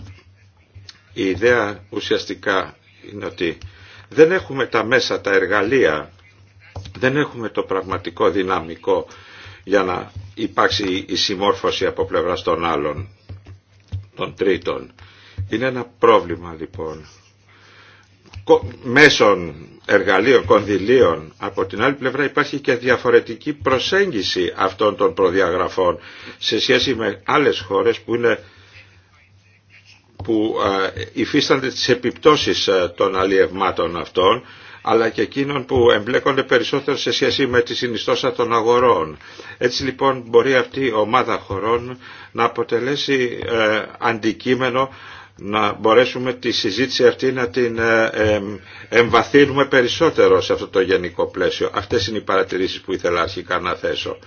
Η ιδέα ουσιαστικά είναι ότι δεν έχουμε τα μέσα, τα εργαλεία, δεν έχουμε το πραγματικό δυναμικό για να υπάρξει η συμμόρφωση από πλευρά των άλλων, των τρίτων. Είναι ένα πρόβλημα λοιπόν μέσων εργαλείων, κονδυλίων. Από την άλλη πλευρά υπάρχει και διαφορετική προσέγγιση αυτών των προδιαγραφών σε σχέση με άλλες χώρες που είναι που ε, υφίστανται τις επιπτώσεις ε, των αλλιευμάτων αυτών αλλά και εκείνων που εμπλέκονται περισσότερο σε σχέση με τη συνιστόσα των αγορών. Έτσι λοιπόν μπορεί αυτή η ομάδα χωρών να αποτελέσει ε, αντικείμενο να μπορέσουμε τη συζήτηση αυτή να την εμβαθύνουμε περισσότερο σε αυτό το γενικό πλαίσιο. Αυτές είναι οι παρατηρήσεις που ήθελα αρχικά να θέσω.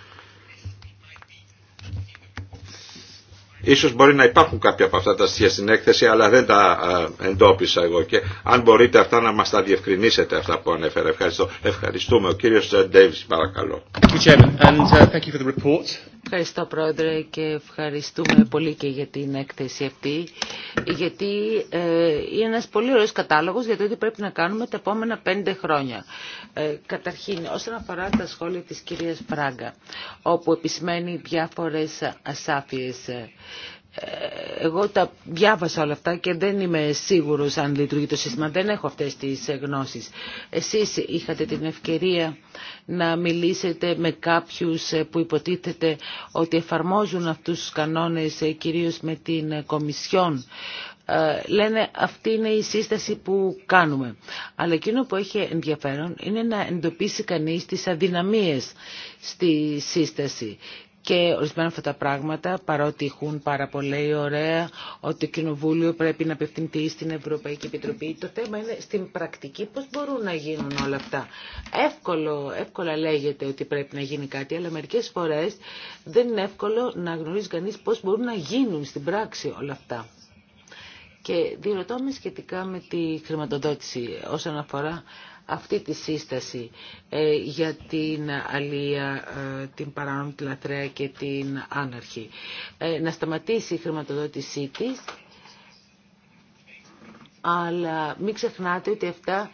Ίσως μπορεί να υπάρχουν κάποια από αυτά τα στοιχεία στην έκθεση, αλλά δεν τα εντόπισα εγώ. Και αν μπορείτε αυτά να μας τα διευκρινίσετε, αυτά που ανέφερα. Ευχαριστώ. Ευχαριστούμε. Ο κύριος ε, Ντέιβις, παρακαλώ. Uh, Ευχαριστώ Πρόεδρε και ευχαριστούμε πολύ και για την έκθεση αυτή γιατί ε, είναι ένας πολύ ωραίος κατάλογος για το τι πρέπει να κάνουμε τα επόμενα πέντε χρόνια. Ε, καταρχήν, όσον αφορά τα σχόλια της κυρίας Φράγκα όπου επισημαίνει διάφορες ασάφειες ε, εγώ τα διάβασα όλα αυτά και δεν είμαι σίγουρος αν λειτουργεί το σύστημα. Δεν έχω αυτές τις ε, γνώσεις. Εσείς είχατε την ευκαιρία να μιλήσετε με κάποιους ε, που υποτίθεται ότι εφαρμόζουν αυτούς τους κανόνες κυρίως με την Κομισιόν. Λένε αυτή είναι η σύσταση που κάνουμε. Αλλά εκείνο που έχει ενδιαφέρον είναι να εντοπίσει κανείς τις αδυναμίες στη σύσταση και ορισμένα αυτά τα πράγματα, παρότι έχουν πάρα πολύ ωραία, ότι το Κοινοβούλιο πρέπει να απευθυνθεί στην Ευρωπαϊκή Επιτροπή. Το θέμα είναι στην πρακτική πώς μπορούν να γίνουν όλα αυτά. Εύκολο, εύκολα λέγεται ότι πρέπει να γίνει κάτι, αλλά μερικές φορές δεν είναι εύκολο να γνωρίζει κανείς πώς μπορούν να γίνουν στην πράξη όλα αυτά. Και διερωτώ με σχετικά με τη χρηματοδότηση όσον αφορά αυτή τη σύσταση ε, για την αλία, ε, την παράνομη, τη και την άναρχη. Ε, να σταματήσει η χρηματοδότησή της, αλλά μην ξεχνάτε ότι αυτά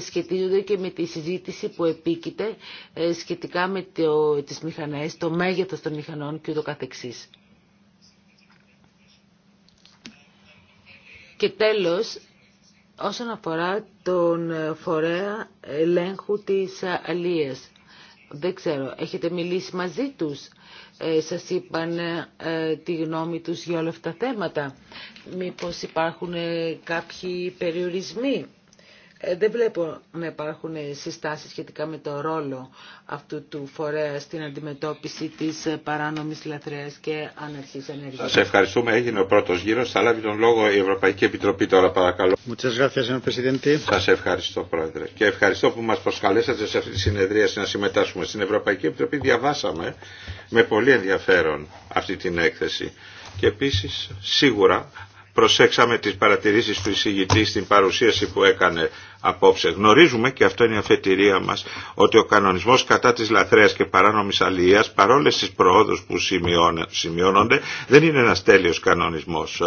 σχετίζονται και με τη συζήτηση που επίκειται σχετικά με το, τις μηχανές, το μέγεθος των μηχανών και ούτω καθεξής. Και τέλος, όσον αφορά τον φορέα ελέγχου της αλίας. Δεν ξέρω, έχετε μιλήσει μαζί τους, ε, σας είπαν ε, τη γνώμη τους για όλα αυτά τα θέματα. Μήπως υπάρχουν ε, κάποιοι περιορισμοί ε, δεν βλέπω να υπάρχουν ε, συστάσεις σχετικά με το ρόλο αυτού του φορέα στην αντιμετώπιση της ε, παράνομης λαθρέας και αναρχής ενέργειας. Σας ευχαριστούμε. Έγινε ο πρώτος γύρος. Θα λάβει τον λόγο η Ευρωπαϊκή Επιτροπή τώρα παρακαλώ. Σας ευχαριστώ Πρόεδρε και ευχαριστώ που μας προσκαλέσατε σε αυτή τη συνεδρία να συμμετάσχουμε. Στην Ευρωπαϊκή Επιτροπή διαβάσαμε με πολύ ενδιαφέρον αυτή την έκθεση και επίσης σίγουρα προσέξαμε τις παρατηρήσεις του εισηγητή στην παρουσίαση που έκανε απόψε. Γνωρίζουμε και αυτό είναι η αφετηρία μας ότι ο κανονισμός κατά της λαθρέας και παράνομης αλληλείας παρόλες τις προόδους που σημειώνονται δεν είναι ένας τέλειος κανονισμός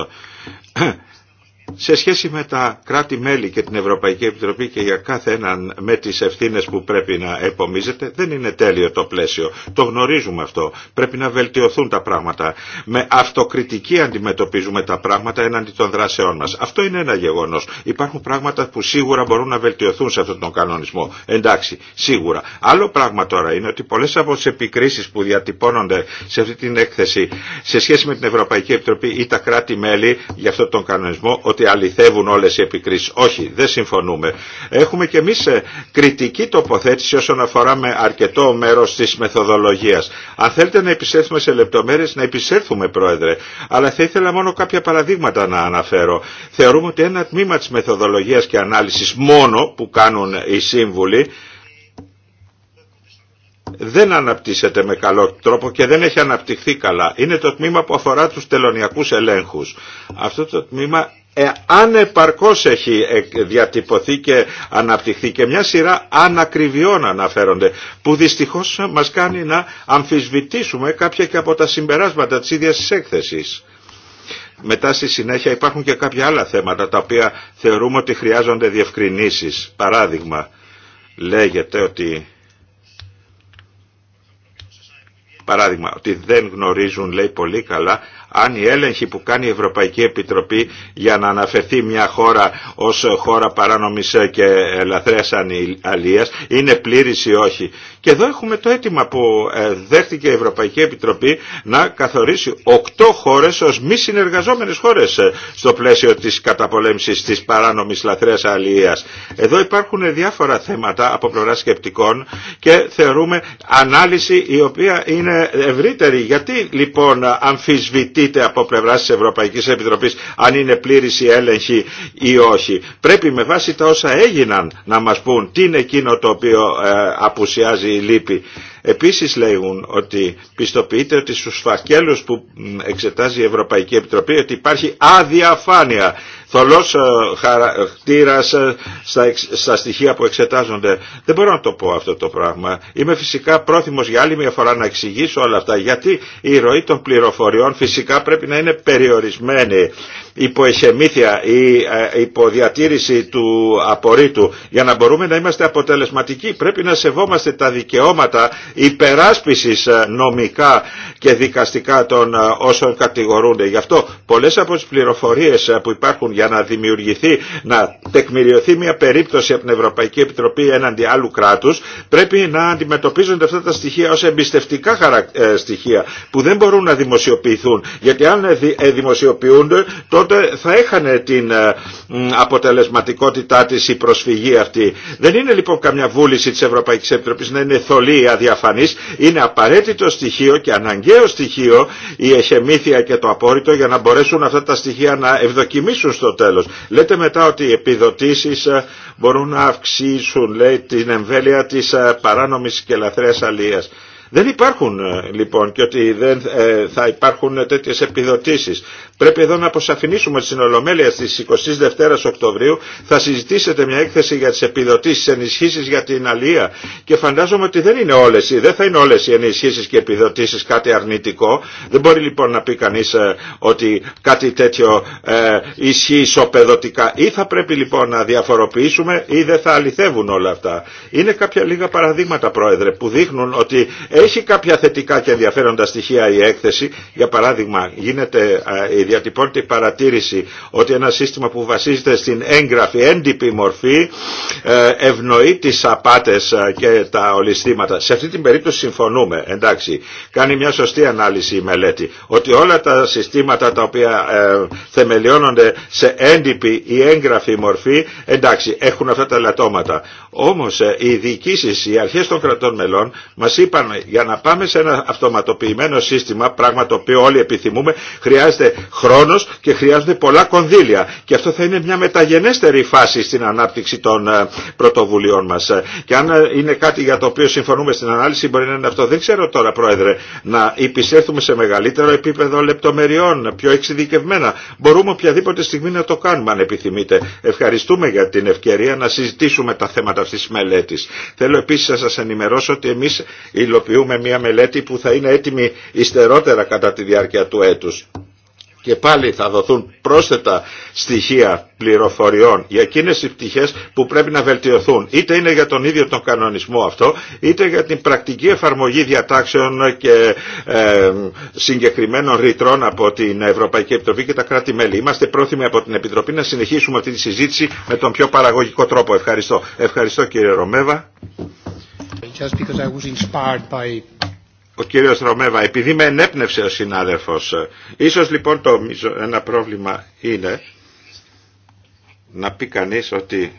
σε σχέση με τα κράτη-μέλη και την Ευρωπαϊκή Επιτροπή και για κάθε έναν με τις ευθύνες που πρέπει να επομίζεται, δεν είναι τέλειο το πλαίσιο. Το γνωρίζουμε αυτό. Πρέπει να βελτιωθούν τα πράγματα. Με αυτοκριτική αντιμετωπίζουμε τα πράγματα έναντι των δράσεών μας. Αυτό είναι ένα γεγονός. Υπάρχουν πράγματα που σίγουρα μπορούν να βελτιωθούν σε αυτόν τον κανονισμό. Εντάξει, σίγουρα. Άλλο πράγμα τώρα είναι ότι πολλές από τι επικρίσεις που διατυπώνονται σε αυτή την έκθεση σε σχέση με την Ευρωπαϊκή Επιτροπή ή τα κράτη-μέλη για αυτόν τον κανονισμό, ότι αληθεύουν όλες οι επικρίσεις. Όχι, δεν συμφωνούμε. Έχουμε και εμείς ε, κριτική τοποθέτηση όσον αφορά με αρκετό μέρος της μεθοδολογίας. Αν θέλετε να επισέλθουμε σε λεπτομέρειες, να επισέλθουμε Πρόεδρε. Αλλά θα ήθελα μόνο κάποια παραδείγματα να αναφέρω. Θεωρούμε ότι ένα τμήμα της μεθοδολογίας και ανάλυσης μόνο που κάνουν οι σύμβουλοι δεν αναπτύσσεται με καλό τρόπο και δεν έχει αναπτυχθεί καλά. Είναι το τμήμα που αφορά τους τελωνιακούς ελέγχους. Αυτό το τμήμα ε, αν επαρκώς έχει ε, διατυπωθεί και αναπτυχθεί και μια σειρά ανακριβιών αναφέρονται που δυστυχώς μας κάνει να αμφισβητήσουμε κάποια και από τα συμπεράσματα της ίδιας της έκθεσης. Μετά στη συνέχεια υπάρχουν και κάποια άλλα θέματα τα οποία θεωρούμε ότι χρειάζονται διευκρινήσεις. Παράδειγμα, λέγεται ότι παράδειγμα, ότι δεν γνωρίζουν λέει πολύ καλά αν η έλεγχη που κάνει η Ευρωπαϊκή Επιτροπή για να αναφερθεί μια χώρα ως χώρα παράνομης και λαθρέας αλίας είναι αλλίας Και εδώ έχουμε το αίτημα που ε, δέχτηκε η Ευρωπαϊκή Επιτροπή να καθορίσει οκτώ χώρες ως μη συνεργαζόμενες χώρες ε, στο πλαίσιο της καταπολέμησης της παράνομης λαθρέας αλλίας. Εδώ υπάρχουν διάφορα θέματα από πλευρά σκεπτικών και θεωρούμε ανάλυση η οποία είναι ευρύτερη. Γιατί λοιπόν είτε από πλευρά τη Ευρωπαϊκή Επιτροπή αν είναι πλήρη η έλεγχη ή όχι. Πρέπει με βάση τα όσα έγιναν να μα πούν τι είναι εκείνο το οποίο ε, απουσιάζει η λύπη. Επίσης λέγουν ότι πιστοποιείται ότι στους φακέλους που εξετάζει η Ευρωπαϊκή Επιτροπή ότι υπάρχει αδιαφάνεια, θολός ε, χαρακτήρας ε, ε, στα, στα στοιχεία που εξετάζονται. Δεν μπορώ να το πω αυτό το πράγμα. Είμαι φυσικά πρόθυμος για άλλη μια φορά να εξηγήσω όλα αυτά γιατί η ροή των πληροφοριών φυσικά πρέπει να είναι περιορισμένη υπό εχεμήθεια ή υπό διατήρηση του απορρίτου για να μπορούμε να είμαστε αποτελεσματικοί πρέπει να σεβόμαστε τα δικαιώματα υπεράσπισης ε, νομικά και δικαστικά των ε, όσων κατηγορούνται. Γι' αυτό πολλές από τις πληροφορίες ε, που υπάρχουν για να δημιουργηθεί, να τεκμηριωθεί μια περίπτωση από την Ευρωπαϊκή Επιτροπή έναντι άλλου κράτους, πρέπει να αντιμετωπίζονται αυτά τα στοιχεία ως εμπιστευτικά στοιχεία που δεν μπορούν να δημοσιοποιηθούν. Γιατί αν δημοσιοποιούνται τότε θα έχανε την αποτελεσματικότητά της η προσφυγή αυτή. Δεν είναι λοιπόν καμιά βούληση της Ευρωπαϊκής Επιτροπής να είναι θολή η διαφανής είναι απαραίτητο στοιχείο και αναγκαίο στοιχείο η εχεμήθεια και το απόρριτο για να μπορέσουν αυτά τα στοιχεία να ευδοκιμήσουν στο τέλος. Λέτε μετά ότι οι επιδοτήσεις ε, μπορούν να αυξήσουν λέει, την εμβέλεια της ε, παράνομης και λαθρέας αλίας. Δεν υπάρχουν ε, λοιπόν και ότι δεν θα υπάρχουν τέτοιες επιδοτήσεις. Πρέπει εδώ να αποσαφηνίσουμε ότι στην Ολομέλεια στις 22 Οκτωβρίου θα συζητήσετε μια έκθεση για τις επιδοτήσεις, ενισχύσεις για την αλία και φαντάζομαι ότι δεν είναι όλες, δεν θα είναι όλες οι ενισχύσεις και επιδοτήσεις κάτι αρνητικό. Δεν μπορεί λοιπόν να πει κανείς ε, ότι κάτι τέτοιο ε, ισχύει ισοπεδωτικά. Ή θα πρέπει λοιπόν να διαφοροποιήσουμε ή δεν θα αληθεύουν όλα αυτά. Είναι κάποια λίγα παραδείγματα πρόεδρε που δείχνουν ότι έχει κάποια θετικά και ενδιαφέροντα στοιχεία η έκθεση. Για παράδειγμα γίνεται ε, διατυπώνεται η παρατήρηση ότι ένα σύστημα που βασίζεται στην έγγραφη, έντυπη μορφή ε, ευνοεί τις απάτες ε, και τα ολιστήματα. Σε αυτή την περίπτωση συμφωνούμε, εντάξει. Κάνει μια σωστή ανάλυση η μελέτη ότι όλα τα συστήματα τα οποία ε, θεμελιώνονται σε έντυπη ή έγγραφη μορφή, εντάξει, έχουν αυτά τα λατώματα. Όμως ε, οι διοικήσεις, οι αρχές των κρατών μελών μας είπαν για να πάμε σε ένα αυτοματοποιημένο σύστημα, πράγμα το οποίο όλοι επιθυμούμε, χρειάζεται χρόνος και χρειάζονται πολλά κονδύλια. Και αυτό θα είναι μια μεταγενέστερη φάση στην ανάπτυξη των ε, πρωτοβουλειών μας. Ε, και αν ε, είναι κάτι για το οποίο συμφωνούμε στην ανάλυση μπορεί να είναι αυτό. Δεν ξέρω τώρα Πρόεδρε να υπησέλθουμε σε μεγαλύτερο επίπεδο λεπτομεριών, πιο εξειδικευμένα. Μπορούμε οποιαδήποτε στιγμή να το κάνουμε αν επιθυμείτε. Ευχαριστούμε για την ευκαιρία να συζητήσουμε τα θέματα αυτής της μελέτης. Θέλω επίσης να σας ενημερώσω ότι εμείς υλοποιούμε μια μελέτη που θα είναι έτοιμη ιστερότερα κατά τη διάρκεια του έτους και πάλι θα δοθούν πρόσθετα στοιχεία πληροφοριών για εκείνες οι πτυχές που πρέπει να βελτιωθούν. Είτε είναι για τον ίδιο τον κανονισμό αυτό, είτε για την πρακτική εφαρμογή διατάξεων και ε, συγκεκριμένων ρητρών από την Ευρωπαϊκή Επιτροπή και τα κράτη-μέλη. Είμαστε πρόθυμοι από την Επιτροπή να συνεχίσουμε αυτή τη συζήτηση με τον πιο παραγωγικό τρόπο. Ευχαριστώ. Ευχαριστώ κύριε Ρωμέβα. Ο κύριος Ρωμέβα, επειδή με ενέπνευσε ο συνάδελφος, ε, ίσως λοιπόν το ένα πρόβλημα είναι να πει κανείς ότι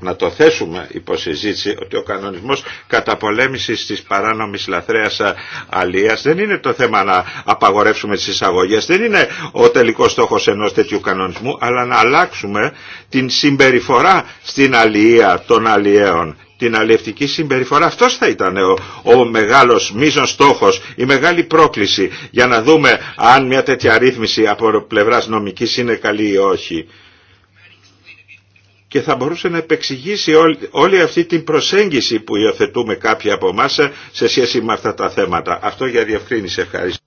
να το θέσουμε συζήτηση ότι ο κανονισμός καταπολέμησης της παράνομης λαθρέας ε, αλίας δεν είναι το θέμα να απαγορεύσουμε τις εισαγωγές, δεν είναι ο τελικός στόχος ενός τέτοιου κανονισμού, αλλά να αλλάξουμε την συμπεριφορά στην αλία των αλιέων την αλληλευτική συμπεριφορά. αυτό θα ήταν ο, ο μεγάλος μείζον η μεγάλη πρόκληση για να δούμε αν μια τέτοια ρύθμιση από πλευρά νομική είναι καλή ή όχι και θα μπορούσε να επεξηγήσει όλη αυτή την προσέγγιση που υιοθετούμε κάποιοι από εμά σε σχέση με αυτά τα θέματα. Αυτό για διευκρίνηση. Ευχαριστώ.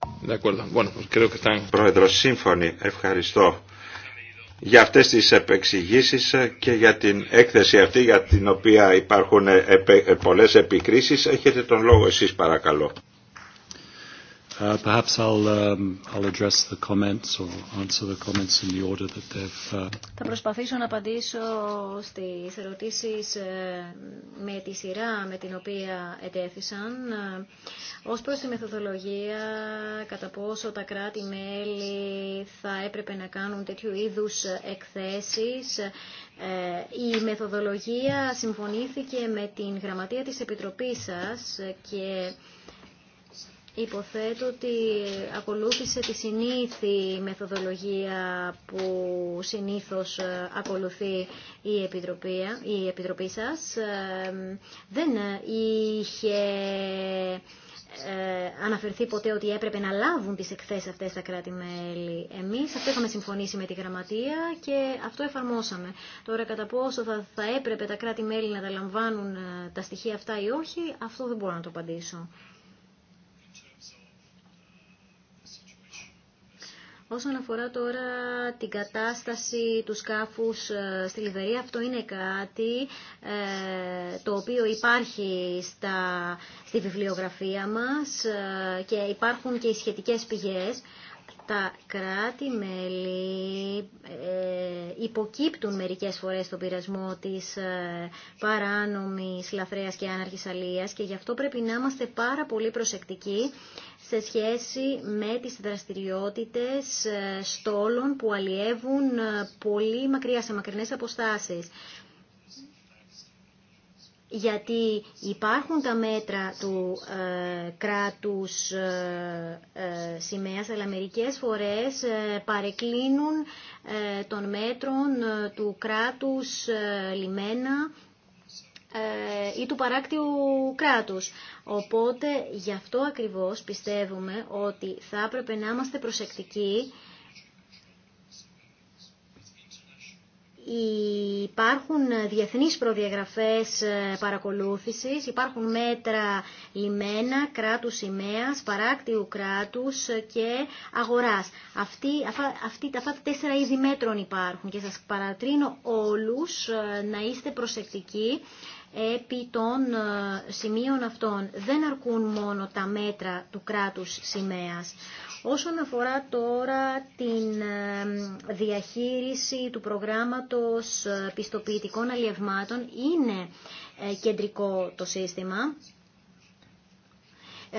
Πρόεδρο, σύμφωνοι. Ευχαριστώ για αυτές τις επεξηγήσεις και για την έκθεση αυτή για την οποία υπάρχουν πολλές επικρίσεις. Έχετε τον λόγο εσείς παρακαλώ. Uh, perhaps um, address the comments or uh, Θα προσπαθήσω να απαντήσω στις ερωτήσεις ε, με τη σειρά με την οποία ετέθησαν. Ε, ως προς τη μεθοδολογία, κατά πόσο τα κράτη-μέλη θα έπρεπε να κάνουν τέτοιου είδους εκθέσεις, ε, η μεθοδολογία συμφωνήθηκε με την γραμματεία της Επιτροπής σας και Υποθέτω ότι ακολούθησε τη συνήθη μεθοδολογία που συνήθως ε, ακολουθεί η Επιτροπή, ε, η σας. Ε, δεν είχε αναφερθεί ποτέ ότι έπρεπε να λάβουν τις εκθέσεις αυτές τα κράτη-μέλη. Εμείς αυτό είχαμε συμφωνήσει με τη Γραμματεία και αυτό εφαρμόσαμε. Τώρα κατά πόσο θα, θα έπρεπε τα κράτη-μέλη να τα λαμβάνουν τα στοιχεία αυτά ή όχι, αυτό δεν μπορώ να το απαντήσω. Όσον αφορά τώρα την κατάσταση του σκάφους ε, στη Λιβερία, αυτό είναι κάτι ε, το οποίο υπάρχει στα, στη βιβλιογραφία μας ε, και υπάρχουν και οι σχετικές πηγές. Τα κράτη-μέλη υποκύπτουν μερικές φορές τον πειρασμό της παράνομης, λαθρέας και άναρχης αλίας και γι' αυτό πρέπει να είμαστε πάρα πολύ προσεκτικοί σε σχέση με τις δραστηριότητες ε, στόλων που αλλιεύουν ε, πολύ μακριά, σε μακρινές αποστάσεις γιατί υπάρχουν τα μέτρα του ε, κράτους ε, ε, σημαίας, αλλά μερικές φορές παρεκκλίνουν των μέτρων του κράτους λιμένα ε, ή του παράκτιου κράτους. Οπότε γι' αυτό ακριβώς πιστεύουμε ότι θα έπρεπε να είμαστε προσεκτικοί Υπάρχουν διεθνείς προδιαγραφές ε, παρακολούθησης, υπάρχουν μέτρα λιμένα, κράτους σημαίας, παράκτιου κράτους ε, και αγοράς. Αυτή, αυτή, αυτά τα τέσσερα είδη μέτρων υπάρχουν και σας παρατρύνω όλους να είστε προσεκτικοί επί των ε, σημείων αυτών. Δεν αρκούν μόνο τα μέτρα του κράτους σημαίας. Όσον αφορά τώρα την ε, διαχείριση του προγράμματος ε, πιστοποιητικών αλλιευμάτων, είναι κεντρικό το σύστημα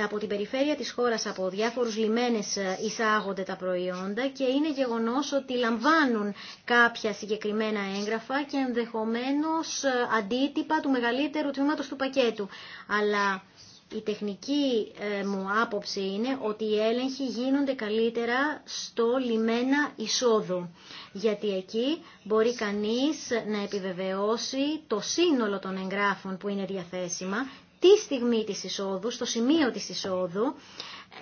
από την περιφέρεια της χώρας από διάφορους λιμένες ε, εισάγονται τα προϊόντα και είναι γεγονός ότι λαμβάνουν κάποια συγκεκριμένα έγγραφα και ενδεχομένως ε, αντίτυπα του μεγαλύτερου τμήματος του πακέτου. Αλλά η τεχνική ε, μου άποψη είναι ότι οι έλεγχοι γίνονται καλύτερα στο λιμένα εισόδου. Γιατί εκεί μπορεί κανείς να επιβεβαιώσει το σύνολο των εγγράφων που είναι διαθέσιμα τη στιγμή της εισόδου, στο σημείο της εισόδου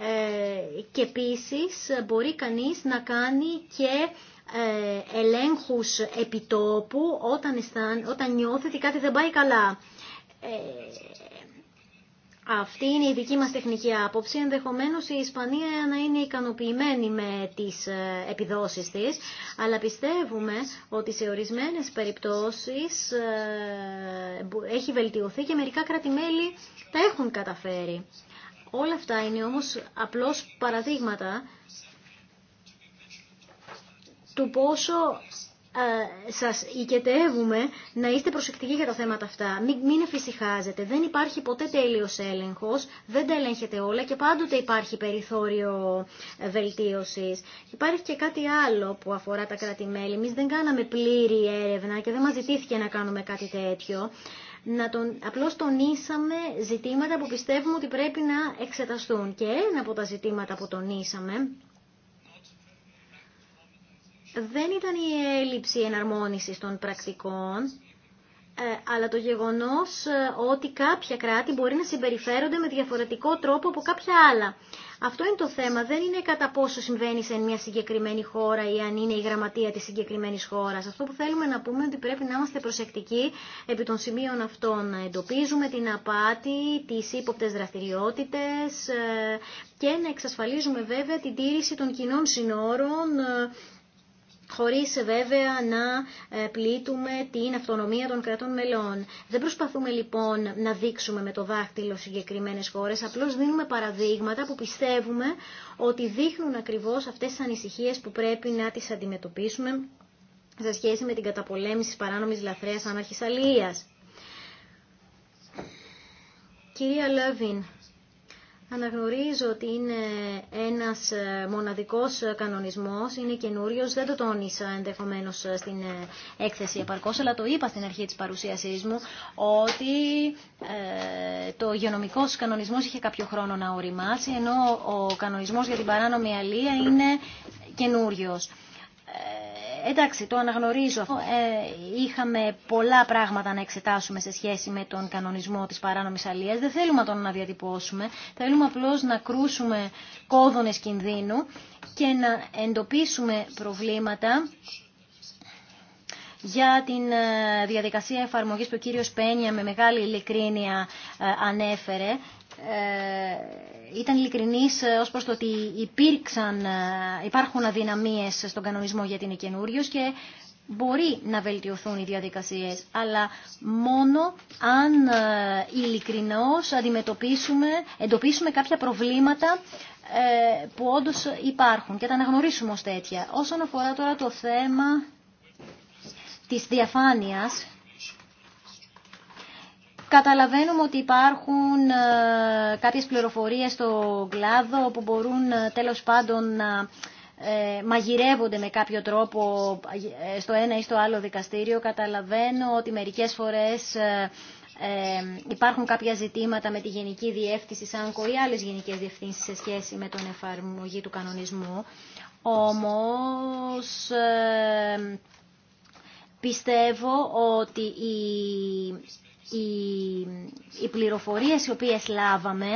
ε, και επίσης μπορεί κανείς να κάνει και ε, ελέγχους επιτόπου όταν, αισθάν, όταν νιώθει κάτι δεν πάει καλά. Ε, αυτή είναι η δική μας τεχνική άποψη. Ενδεχομένως η Ισπανία να είναι ικανοποιημένη με τις ε, επιδόσεις της, αλλά πιστεύουμε ότι σε ορισμένες περιπτώσεις ε, έχει βελτιωθεί και μερικά κρατημέλη τα έχουν καταφέρει. Όλα αυτά είναι όμως απλώς παραδείγματα του πόσο ε, σας οικετεύουμε να είστε προσεκτικοί για τα θέματα αυτά. Μην, μην εφησυχάζετε. Δεν υπάρχει ποτέ τέλειος έλεγχος, δεν τα ελέγχετε όλα και πάντοτε υπάρχει περιθώριο ε, βελτίωσης. Υπάρχει και κάτι άλλο που αφορά τα κράτη-μέλη. Εμείς δεν κάναμε πλήρη έρευνα και δεν μας ζητήθηκε να κάνουμε κάτι τέτοιο. Να τον, απλώς τονίσαμε ζητήματα που πιστεύουμε ότι πρέπει να εξεταστούν. Και ένα από τα ζητήματα που τονίσαμε δεν ήταν η έλλειψη εναρμόνισης των πρακτικών, ε, αλλά το γεγονός ε, ότι κάποια κράτη μπορεί να συμπεριφέρονται με διαφορετικό τρόπο από κάποια άλλα. Αυτό είναι το θέμα. Δεν είναι κατά πόσο συμβαίνει σε μια συγκεκριμένη χώρα ή αν είναι η γραμματεία της συγκεκριμένης χώρας. Αυτό που θέλουμε να πούμε είναι ότι πρέπει να είμαστε προσεκτικοί επί των σημείων αυτών. Να Εντοπίζουμε την απάτη, τις ύποπτες δραστηριότητες ε, και να εξασφαλίζουμε βέβαια την τήρηση των κοινών συνόρων χωρίς βέβαια να ε, πλήττουμε την αυτονομία των κρατών μελών. Δεν προσπαθούμε λοιπόν να δείξουμε με το δάχτυλο συγκεκριμένες χώρες, απλώς δίνουμε παραδείγματα που πιστεύουμε ότι δείχνουν ακριβώς αυτές τις ανησυχίες που πρέπει να τις αντιμετωπίσουμε σε σχέση με την καταπολέμηση της παράνομης λαθρέας άναρχης Κυρία Λεύιν... Αναγνωρίζω ότι είναι ένας ε, μοναδικός ε, κανονισμός, είναι καινούριος, δεν το τόνισα ενδεχομένως ε, στην έκθεση επαρκώς, αλλά το είπα στην αρχή της παρουσίασής μου, ότι το υγειονομικό κανονισμός είχε κάποιο χρόνο να οριμάσει, ενώ ο κανονισμός για την παράνομη αλία είναι καινούριος εντάξει, το αναγνωρίζω. Ε, είχαμε πολλά πράγματα να εξετάσουμε σε σχέση με τον κανονισμό της παράνομης αλίας. Δεν θέλουμε να διατυπώσουμε. Θέλουμε απλώς να κρούσουμε κόδωνε κινδύνου και να εντοπίσουμε προβλήματα για την ε, διαδικασία εφαρμογής που ο κύριος Πένια με μεγάλη ειλικρίνεια ε, ανέφερε. Ε, ήταν ειλικρινής ε, ως προς το ότι υπήρξαν, ε, υπάρχουν αδυναμίες στον κανονισμό για την καινούριο και μπορεί να βελτιωθούν οι διαδικασίες, αλλά μόνο αν ειλικρινώς αντιμετωπίσουμε, εντοπίσουμε κάποια προβλήματα που όντως υπάρχουν και τα αναγνωρίσουμε ως τέτοια. Όσον αφορά τώρα το θέμα της διαφάνειας, Καταλαβαίνουμε ότι υπάρχουν ε, κάποιες πληροφορίες στο κλάδο που μπορούν ε, τέλος πάντων να ε, μαγειρεύονται με κάποιο τρόπο στο ένα ή στο άλλο δικαστήριο. Καταλαβαίνω ότι μερικές φορές υπάρχουν κάποια ζητήματα με τη Γενική Διεύθυνση ΣΑΝΚΟ ή άλλες γενικές διευθύνσεις σε σχέση με τον εφαρμογή του κανονισμού. Όμως πιστεύω ότι η οι πληροφορίες οι οποίες λάβαμε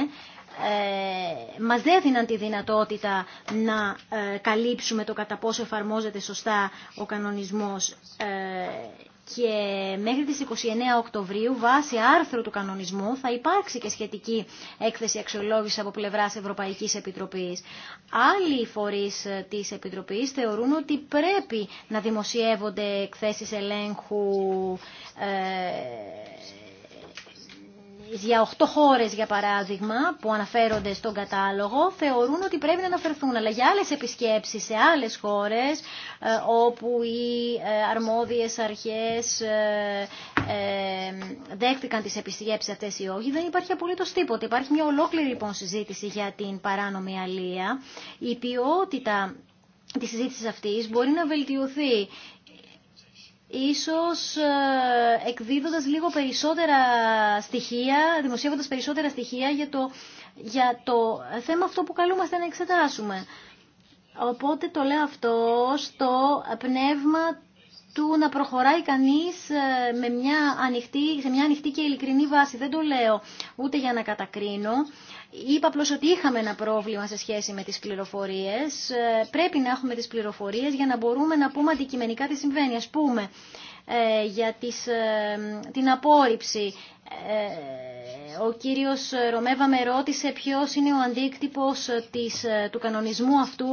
ε, μας δέδυναν τη δυνατότητα να ε, καλύψουμε το κατά πόσο εφαρμόζεται σωστά ο κανονισμός ε, και μέχρι τις 29 Οκτωβρίου βάσει άρθρου του κανονισμού θα υπάρξει και σχετική έκθεση αξιολόγηση από πλευράς Ευρωπαϊκής Επιτροπής. Άλλοι φορείς της Επιτροπής θεωρούν ότι πρέπει να δημοσιεύονται εκθέσεις ελέγχου για 8 χώρες για παράδειγμα που αναφέρονται στον κατάλογο θεωρούν ότι πρέπει να αναφερθούν αλλά για άλλε επισκέψει σε άλλες χώρες ε, όπου οι ε, αρμόδιες αρχές ε, δέχτηκαν τις επισκέψει αυτές ή όχι δεν υπάρχει απολύτως τίποτα. Υπάρχει μια ολόκληρη λοιπόν συζήτηση για την παράνομη αλία. Η ποιότητα Τη συζήτηση αυτή μπορεί να βελτιωθεί ίσως ε, εκδίδοντας λίγο περισσότερα στοιχεία, δημοσιεύοντας περισσότερα στοιχεία για το, για το θέμα αυτό που καλούμαστε να εξετάσουμε. Οπότε το λέω αυτό στο πνεύμα του να προχωράει κανείς ε, με μια ανοιχτή, σε μια ανοιχτή και ειλικρινή βάση. Δεν το λέω ούτε για να κατακρίνω. Είπα απλώ ότι είχαμε ένα πρόβλημα σε σχέση με τις πληροφορίες. Ε, πρέπει να έχουμε τις πληροφορίες για να μπορούμε να πούμε αντικειμενικά τι συμβαίνει. Α πούμε, ε, για τις, την απόρριψη ο κύριος Ρωμέβα με ρώτησε ποιος είναι ο αντίκτυπος της, του κανονισμού αυτού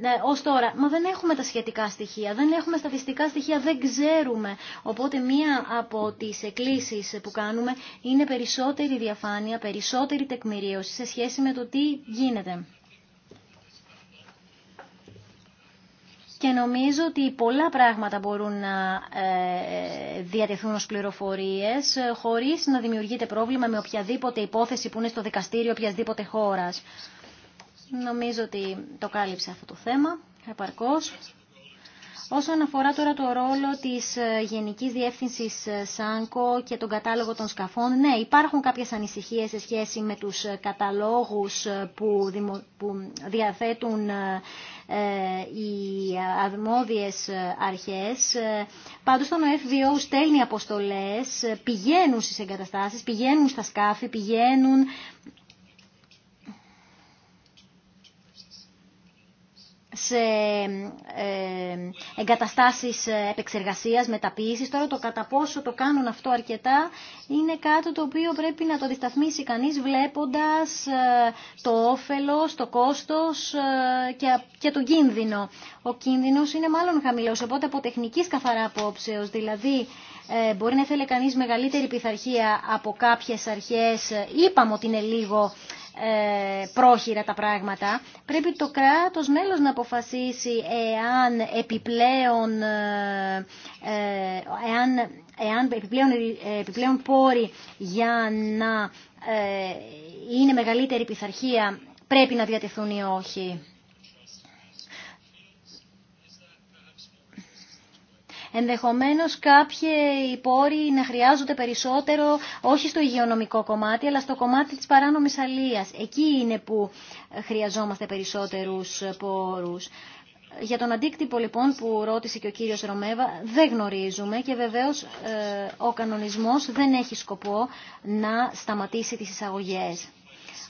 ε, ως τώρα. Μα δεν έχουμε τα σχετικά στοιχεία, δεν έχουμε στατιστικά στοιχεία, δεν ξέρουμε. Οπότε μία από τις εκκλήσεις που κάνουμε είναι περισσότερη διαφάνεια, περισσότερη τεκμηρίωση σε σχέση με το τι γίνεται. και νομίζω ότι πολλά πράγματα μπορούν να ε, διατεθούν ως πληροφορίες ε, χωρίς να δημιουργείται πρόβλημα με οποιαδήποτε υπόθεση που είναι στο δικαστήριο οποιασδήποτε χώρας. Νομίζω ότι το κάλυψε αυτό το θέμα επαρκώς. Όσον αφορά τώρα το ρόλο της ε, Γενικής Διεύθυνσης ε, ΣΑΝΚΟ και τον κατάλογο των σκαφών, ναι, υπάρχουν κάποιες ανησυχίες σε σχέση με τους ε, καταλόγους που, διαθέτουν οι αρμόδιες αρχές. Πάντως τον FBO στέλνει αποστολές, πηγαίνουν στις εγκαταστάσεις, πηγαίνουν στα σκάφη, πηγαίνουν σε εγκαταστάσεις ε, επεξεργασίας, μεταποίησης. Τώρα το κατά πόσο το κάνουν αυτό αρκετά είναι κάτι το οποίο πρέπει να το δισταθμίσει κανείς βλέποντας ε, το όφελος, το κόστος ε, και το κίνδυνο. Ο κίνδυνος είναι μάλλον χαμηλός, οπότε από τεχνικής καθαρά απόψεως, δηλαδή μπορεί να θέλει κανείς μεγαλύτερη πειθαρχία από κάποιες αρχές, είπαμε ότι είναι λίγο ε, πρόχειρα τα πράγματα. Πρέπει το κράτος μέλος να αποφασίσει εάν επιπλέον, ε, ε, εάν, εάν επιπλέον, επιπλέον πόροι για να είναι μεγαλύτερη πειθαρχία πρέπει να διατεθούν ή όχι. Ενδεχομένως κάποιοι πόροι να χρειάζονται περισσότερο όχι στο υγειονομικό κομμάτι αλλά στο κομμάτι της παράνομης αλίας. Εκεί είναι που ε, χρειαζόμαστε περισσότερους πόρους. Για τον αντίκτυπο λοιπόν που ρώτησε και ο κύριος Ρωμέβα δεν γνωρίζουμε και βεβαίως ε, ο κανονισμός δεν έχει σκοπό να σταματήσει τις εισαγωγές.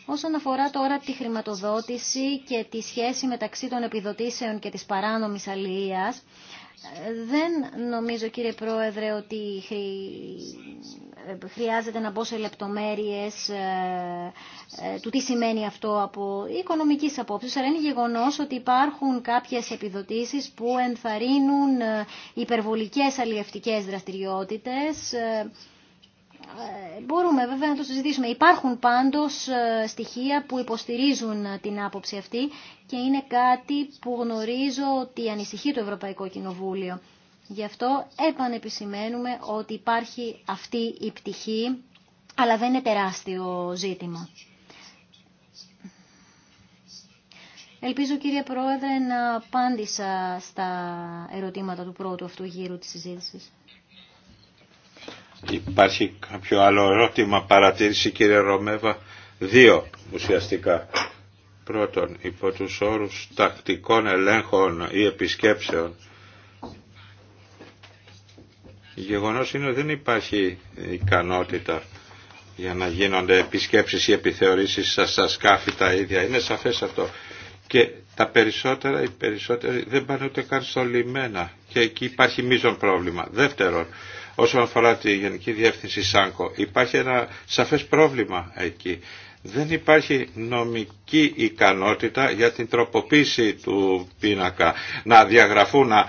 Όσον αφορά τώρα τη χρηματοδότηση και τη σχέση μεταξύ των επιδοτήσεων και της παράνομης αλληλείας, δεν νομίζω κύριε Πρόεδρε ότι χρειάζεται να μπω σε λεπτομέρειες ε, ε, του τι σημαίνει αυτό από οικονομικής απόψης, αλλά είναι γεγονός ότι υπάρχουν κάποιες επιδοτήσεις που ενθαρρύνουν ε, υπερβολικές αλλιευτικές δραστηριότητες ε, μπορούμε βέβαια να το συζητήσουμε. Υπάρχουν πάντως ε, στοιχεία που υποστηρίζουν ε, την άποψη αυτή και είναι κάτι που γνωρίζω ότι ανησυχεί το Ευρωπαϊκό Κοινοβούλιο. Γι' αυτό επανεπισημαίνουμε ότι υπάρχει αυτή η πτυχή, αλλά δεν είναι τεράστιο ζήτημα. Ελπίζω κύριε Πρόεδρε να απάντησα στα ερωτήματα του πρώτου αυτού γύρου της συζήτησης. Υπάρχει κάποιο άλλο ερώτημα, παρατήρηση κύριε Ρωμέβα. Δύο ουσιαστικά. Πρώτον, υπό τους όρους τακτικών ελέγχων ή επισκέψεων, η γεγονός είναι ότι δεν υπάρχει ικανότητα για να γίνονται επισκέψεις ή επιθεωρήσεις στα σκάφη τα ίδια. Είναι σαφές αυτό. Και τα περισσότερα, οι περισσότεροι δεν πάνε ούτε καν στο λιμένα. Και εκεί υπάρχει μείζον πρόβλημα. Δεύτερον, Όσον αφορά τη Γενική Διεύθυνση ΣΑΝΚΟ, υπάρχει ένα σαφές πρόβλημα εκεί. Δεν υπάρχει νομική ικανότητα για την τροποποίηση του πίνακα, να διαγραφούν, να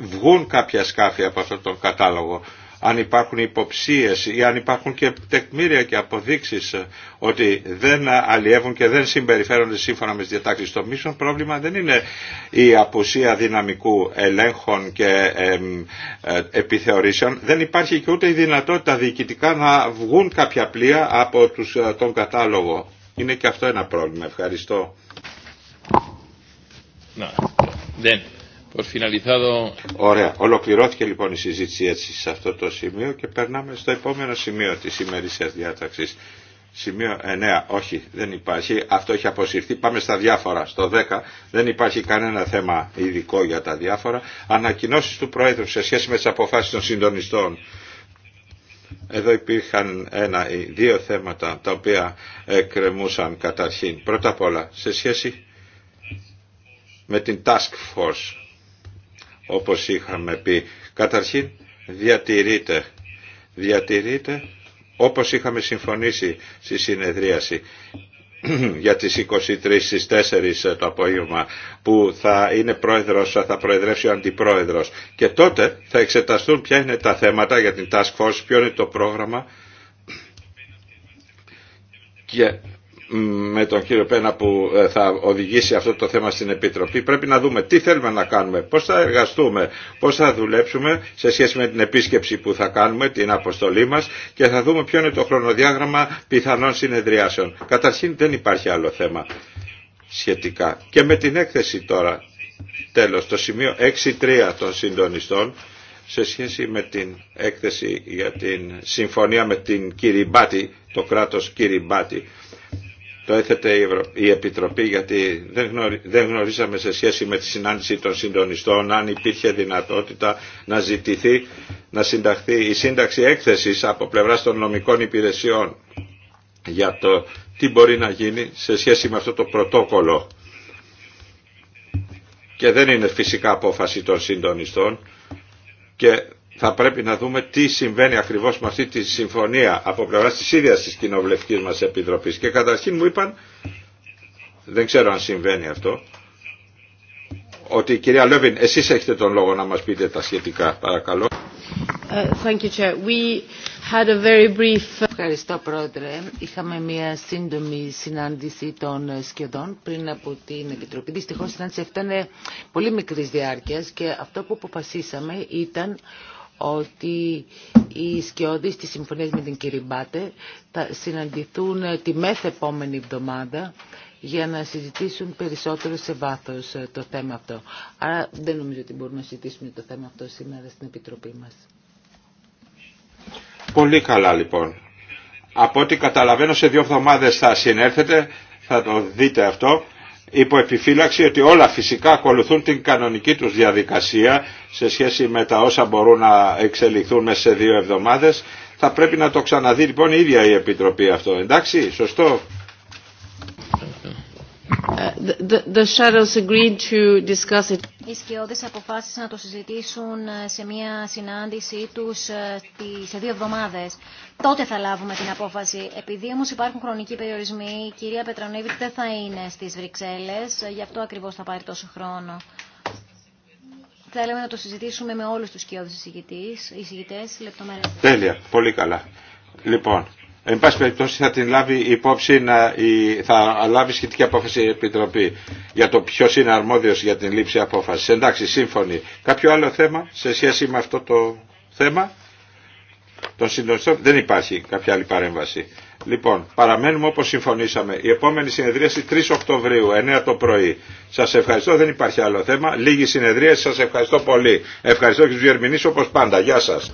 βγουν κάποια σκάφη από αυτόν τον κατάλογο αν υπάρχουν υποψίες ή αν υπάρχουν και τεκμήρια και αποδείξεις ε, ότι δεν αλλιεύουν και δεν συμπεριφέρονται σύμφωνα με τις διατάξεις. Το μίσων, πρόβλημα δεν είναι η απουσία δυναμικού ελέγχων και ε, επιθεωρήσεων. Δεν υπάρχει και ούτε η δυνατότητα διοικητικά να βγουν κάποια πλοία από τους, ε, τον κατάλογο. Είναι και αυτό ένα πρόβλημα. Ευχαριστώ. Ωραία. Ολοκληρώθηκε λοιπόν η συζήτηση έτσι σε αυτό το σημείο και περνάμε στο επόμενο σημείο της ημερησίας διάταξης. Σημείο 9. Όχι, δεν υπάρχει. Αυτό έχει αποσυρθεί. Πάμε στα διάφορα. Στο 10 δεν υπάρχει κανένα θέμα ειδικό για τα διάφορα. Ανακοινώσεις του Προέδρου σε σχέση με τις αποφάσεις των συντονιστών. Εδώ υπήρχαν ένα ή δύο θέματα τα οποία εκκρεμούσαν καταρχήν. Πρώτα απ' όλα σε σχέση με την Task Force όπως είχαμε πει. Καταρχήν διατηρείται, διατηρείται όπως είχαμε συμφωνήσει στη συνεδρίαση για τις 23 στις 4 το απόγευμα που θα είναι πρόεδρος, θα προεδρεύσει ο αντιπρόεδρος και τότε θα εξεταστούν ποια είναι τα θέματα για την Task Force, ποιο είναι το πρόγραμμα και με τον κύριο Πένα που ε, θα οδηγήσει αυτό το θέμα στην Επιτροπή πρέπει να δούμε τι θέλουμε να κάνουμε, πώς θα εργαστούμε, πώς θα δουλέψουμε σε σχέση με την επίσκεψη που θα κάνουμε, την αποστολή μας και θα δούμε ποιο είναι το χρονοδιάγραμμα πιθανών συνεδριάσεων. Καταρχήν δεν υπάρχει άλλο θέμα σχετικά. Και με την έκθεση τώρα, τέλος, το σημείο 6.3 των συντονιστών σε σχέση με την έκθεση για την συμφωνία με την Κυριμπάτη, το κράτος Κυριμπάτη το έθετε η, Επιτροπή γιατί δεν, γνωρίζαμε σε σχέση με τη συνάντηση των συντονιστών αν υπήρχε δυνατότητα να ζητηθεί να συνταχθεί η σύνταξη έκθεσης από πλευράς των νομικών υπηρεσιών για το τι μπορεί να γίνει σε σχέση με αυτό το πρωτόκολλο. Και δεν είναι φυσικά απόφαση των συντονιστών και θα πρέπει να δούμε τι συμβαίνει ακριβώς με αυτή τη συμφωνία από πλευράς της ίδιας της κοινοβουλευτικής μας επιτροπής. Και καταρχήν μου είπαν, δεν ξέρω αν συμβαίνει αυτό, ότι κυρία Λέβιν, εσείς έχετε τον λόγο να μας πείτε τα σχετικά, παρακαλώ. Ε, thank you, Chair. We had a very brief... Ευχαριστώ Πρόεδρε. Είχαμε μια σύντομη συνάντηση των σχεδόν πριν από την Επιτροπή. Δυστυχώς η συνάντηση αυτή ήταν πολύ μικρής διάρκειας και αυτό που αποφασίσαμε ήταν ότι οι σκιώδεις της συμφωνίας με την Κυριμπάτε θα συναντηθούν ε, τη μέθε επόμενη εβδομάδα για να συζητήσουν περισσότερο σε βάθος ε, το θέμα αυτό. Άρα δεν νομίζω ότι μπορούμε να συζητήσουμε το θέμα αυτό σήμερα στην Επιτροπή μας. Πολύ καλά λοιπόν. Από ό,τι καταλαβαίνω σε δύο εβδομάδες θα συνέρθετε, θα το δείτε αυτό υπό επιφύλαξη ότι όλα φυσικά ακολουθούν την κανονική τους διαδικασία σε σχέση με τα όσα μπορούν να εξελιχθούν μέσα σε δύο εβδομάδες. Θα πρέπει να το ξαναδεί λοιπόν η ίδια η Επιτροπή αυτό. Εντάξει, σωστό. The, shadows agreed to discuss it. Οι σκιώδες αποφάσισαν να το συζητήσουν ε, σε μια συνάντησή τους ε, σε δύο εβδομάδες τότε θα λάβουμε την απόφαση. Επειδή όμω υπάρχουν χρονικοί περιορισμοί, η κυρία Πετρανίβη δεν θα είναι στι Βρυξέλλες, γι' αυτό ακριβώ θα πάρει τόσο χρόνο. Θέλουμε να το συζητήσουμε με όλους τους κοιόδους εισηγητέ Τέλεια, πολύ καλά. Λοιπόν, Εν πάση περιπτώσει θα την λάβει υπόψη να, η, θα λάβει σχετική απόφαση η Επιτροπή για το ποιο είναι αρμόδιο για την λήψη απόφαση. Εντάξει, σύμφωνοι. Κάποιο άλλο θέμα σε σχέση με αυτό το θέμα των συντονιστών δεν υπάρχει κάποια άλλη παρέμβαση. Λοιπόν, παραμένουμε όπως συμφωνήσαμε. Η επόμενη συνεδρίαση 3 Οκτωβρίου, 9 το πρωί. Σας ευχαριστώ, δεν υπάρχει άλλο θέμα. Λίγη συνεδρίαση, σας ευχαριστώ πολύ. Ευχαριστώ και του διερμηνείς όπως πάντα. Γεια σας.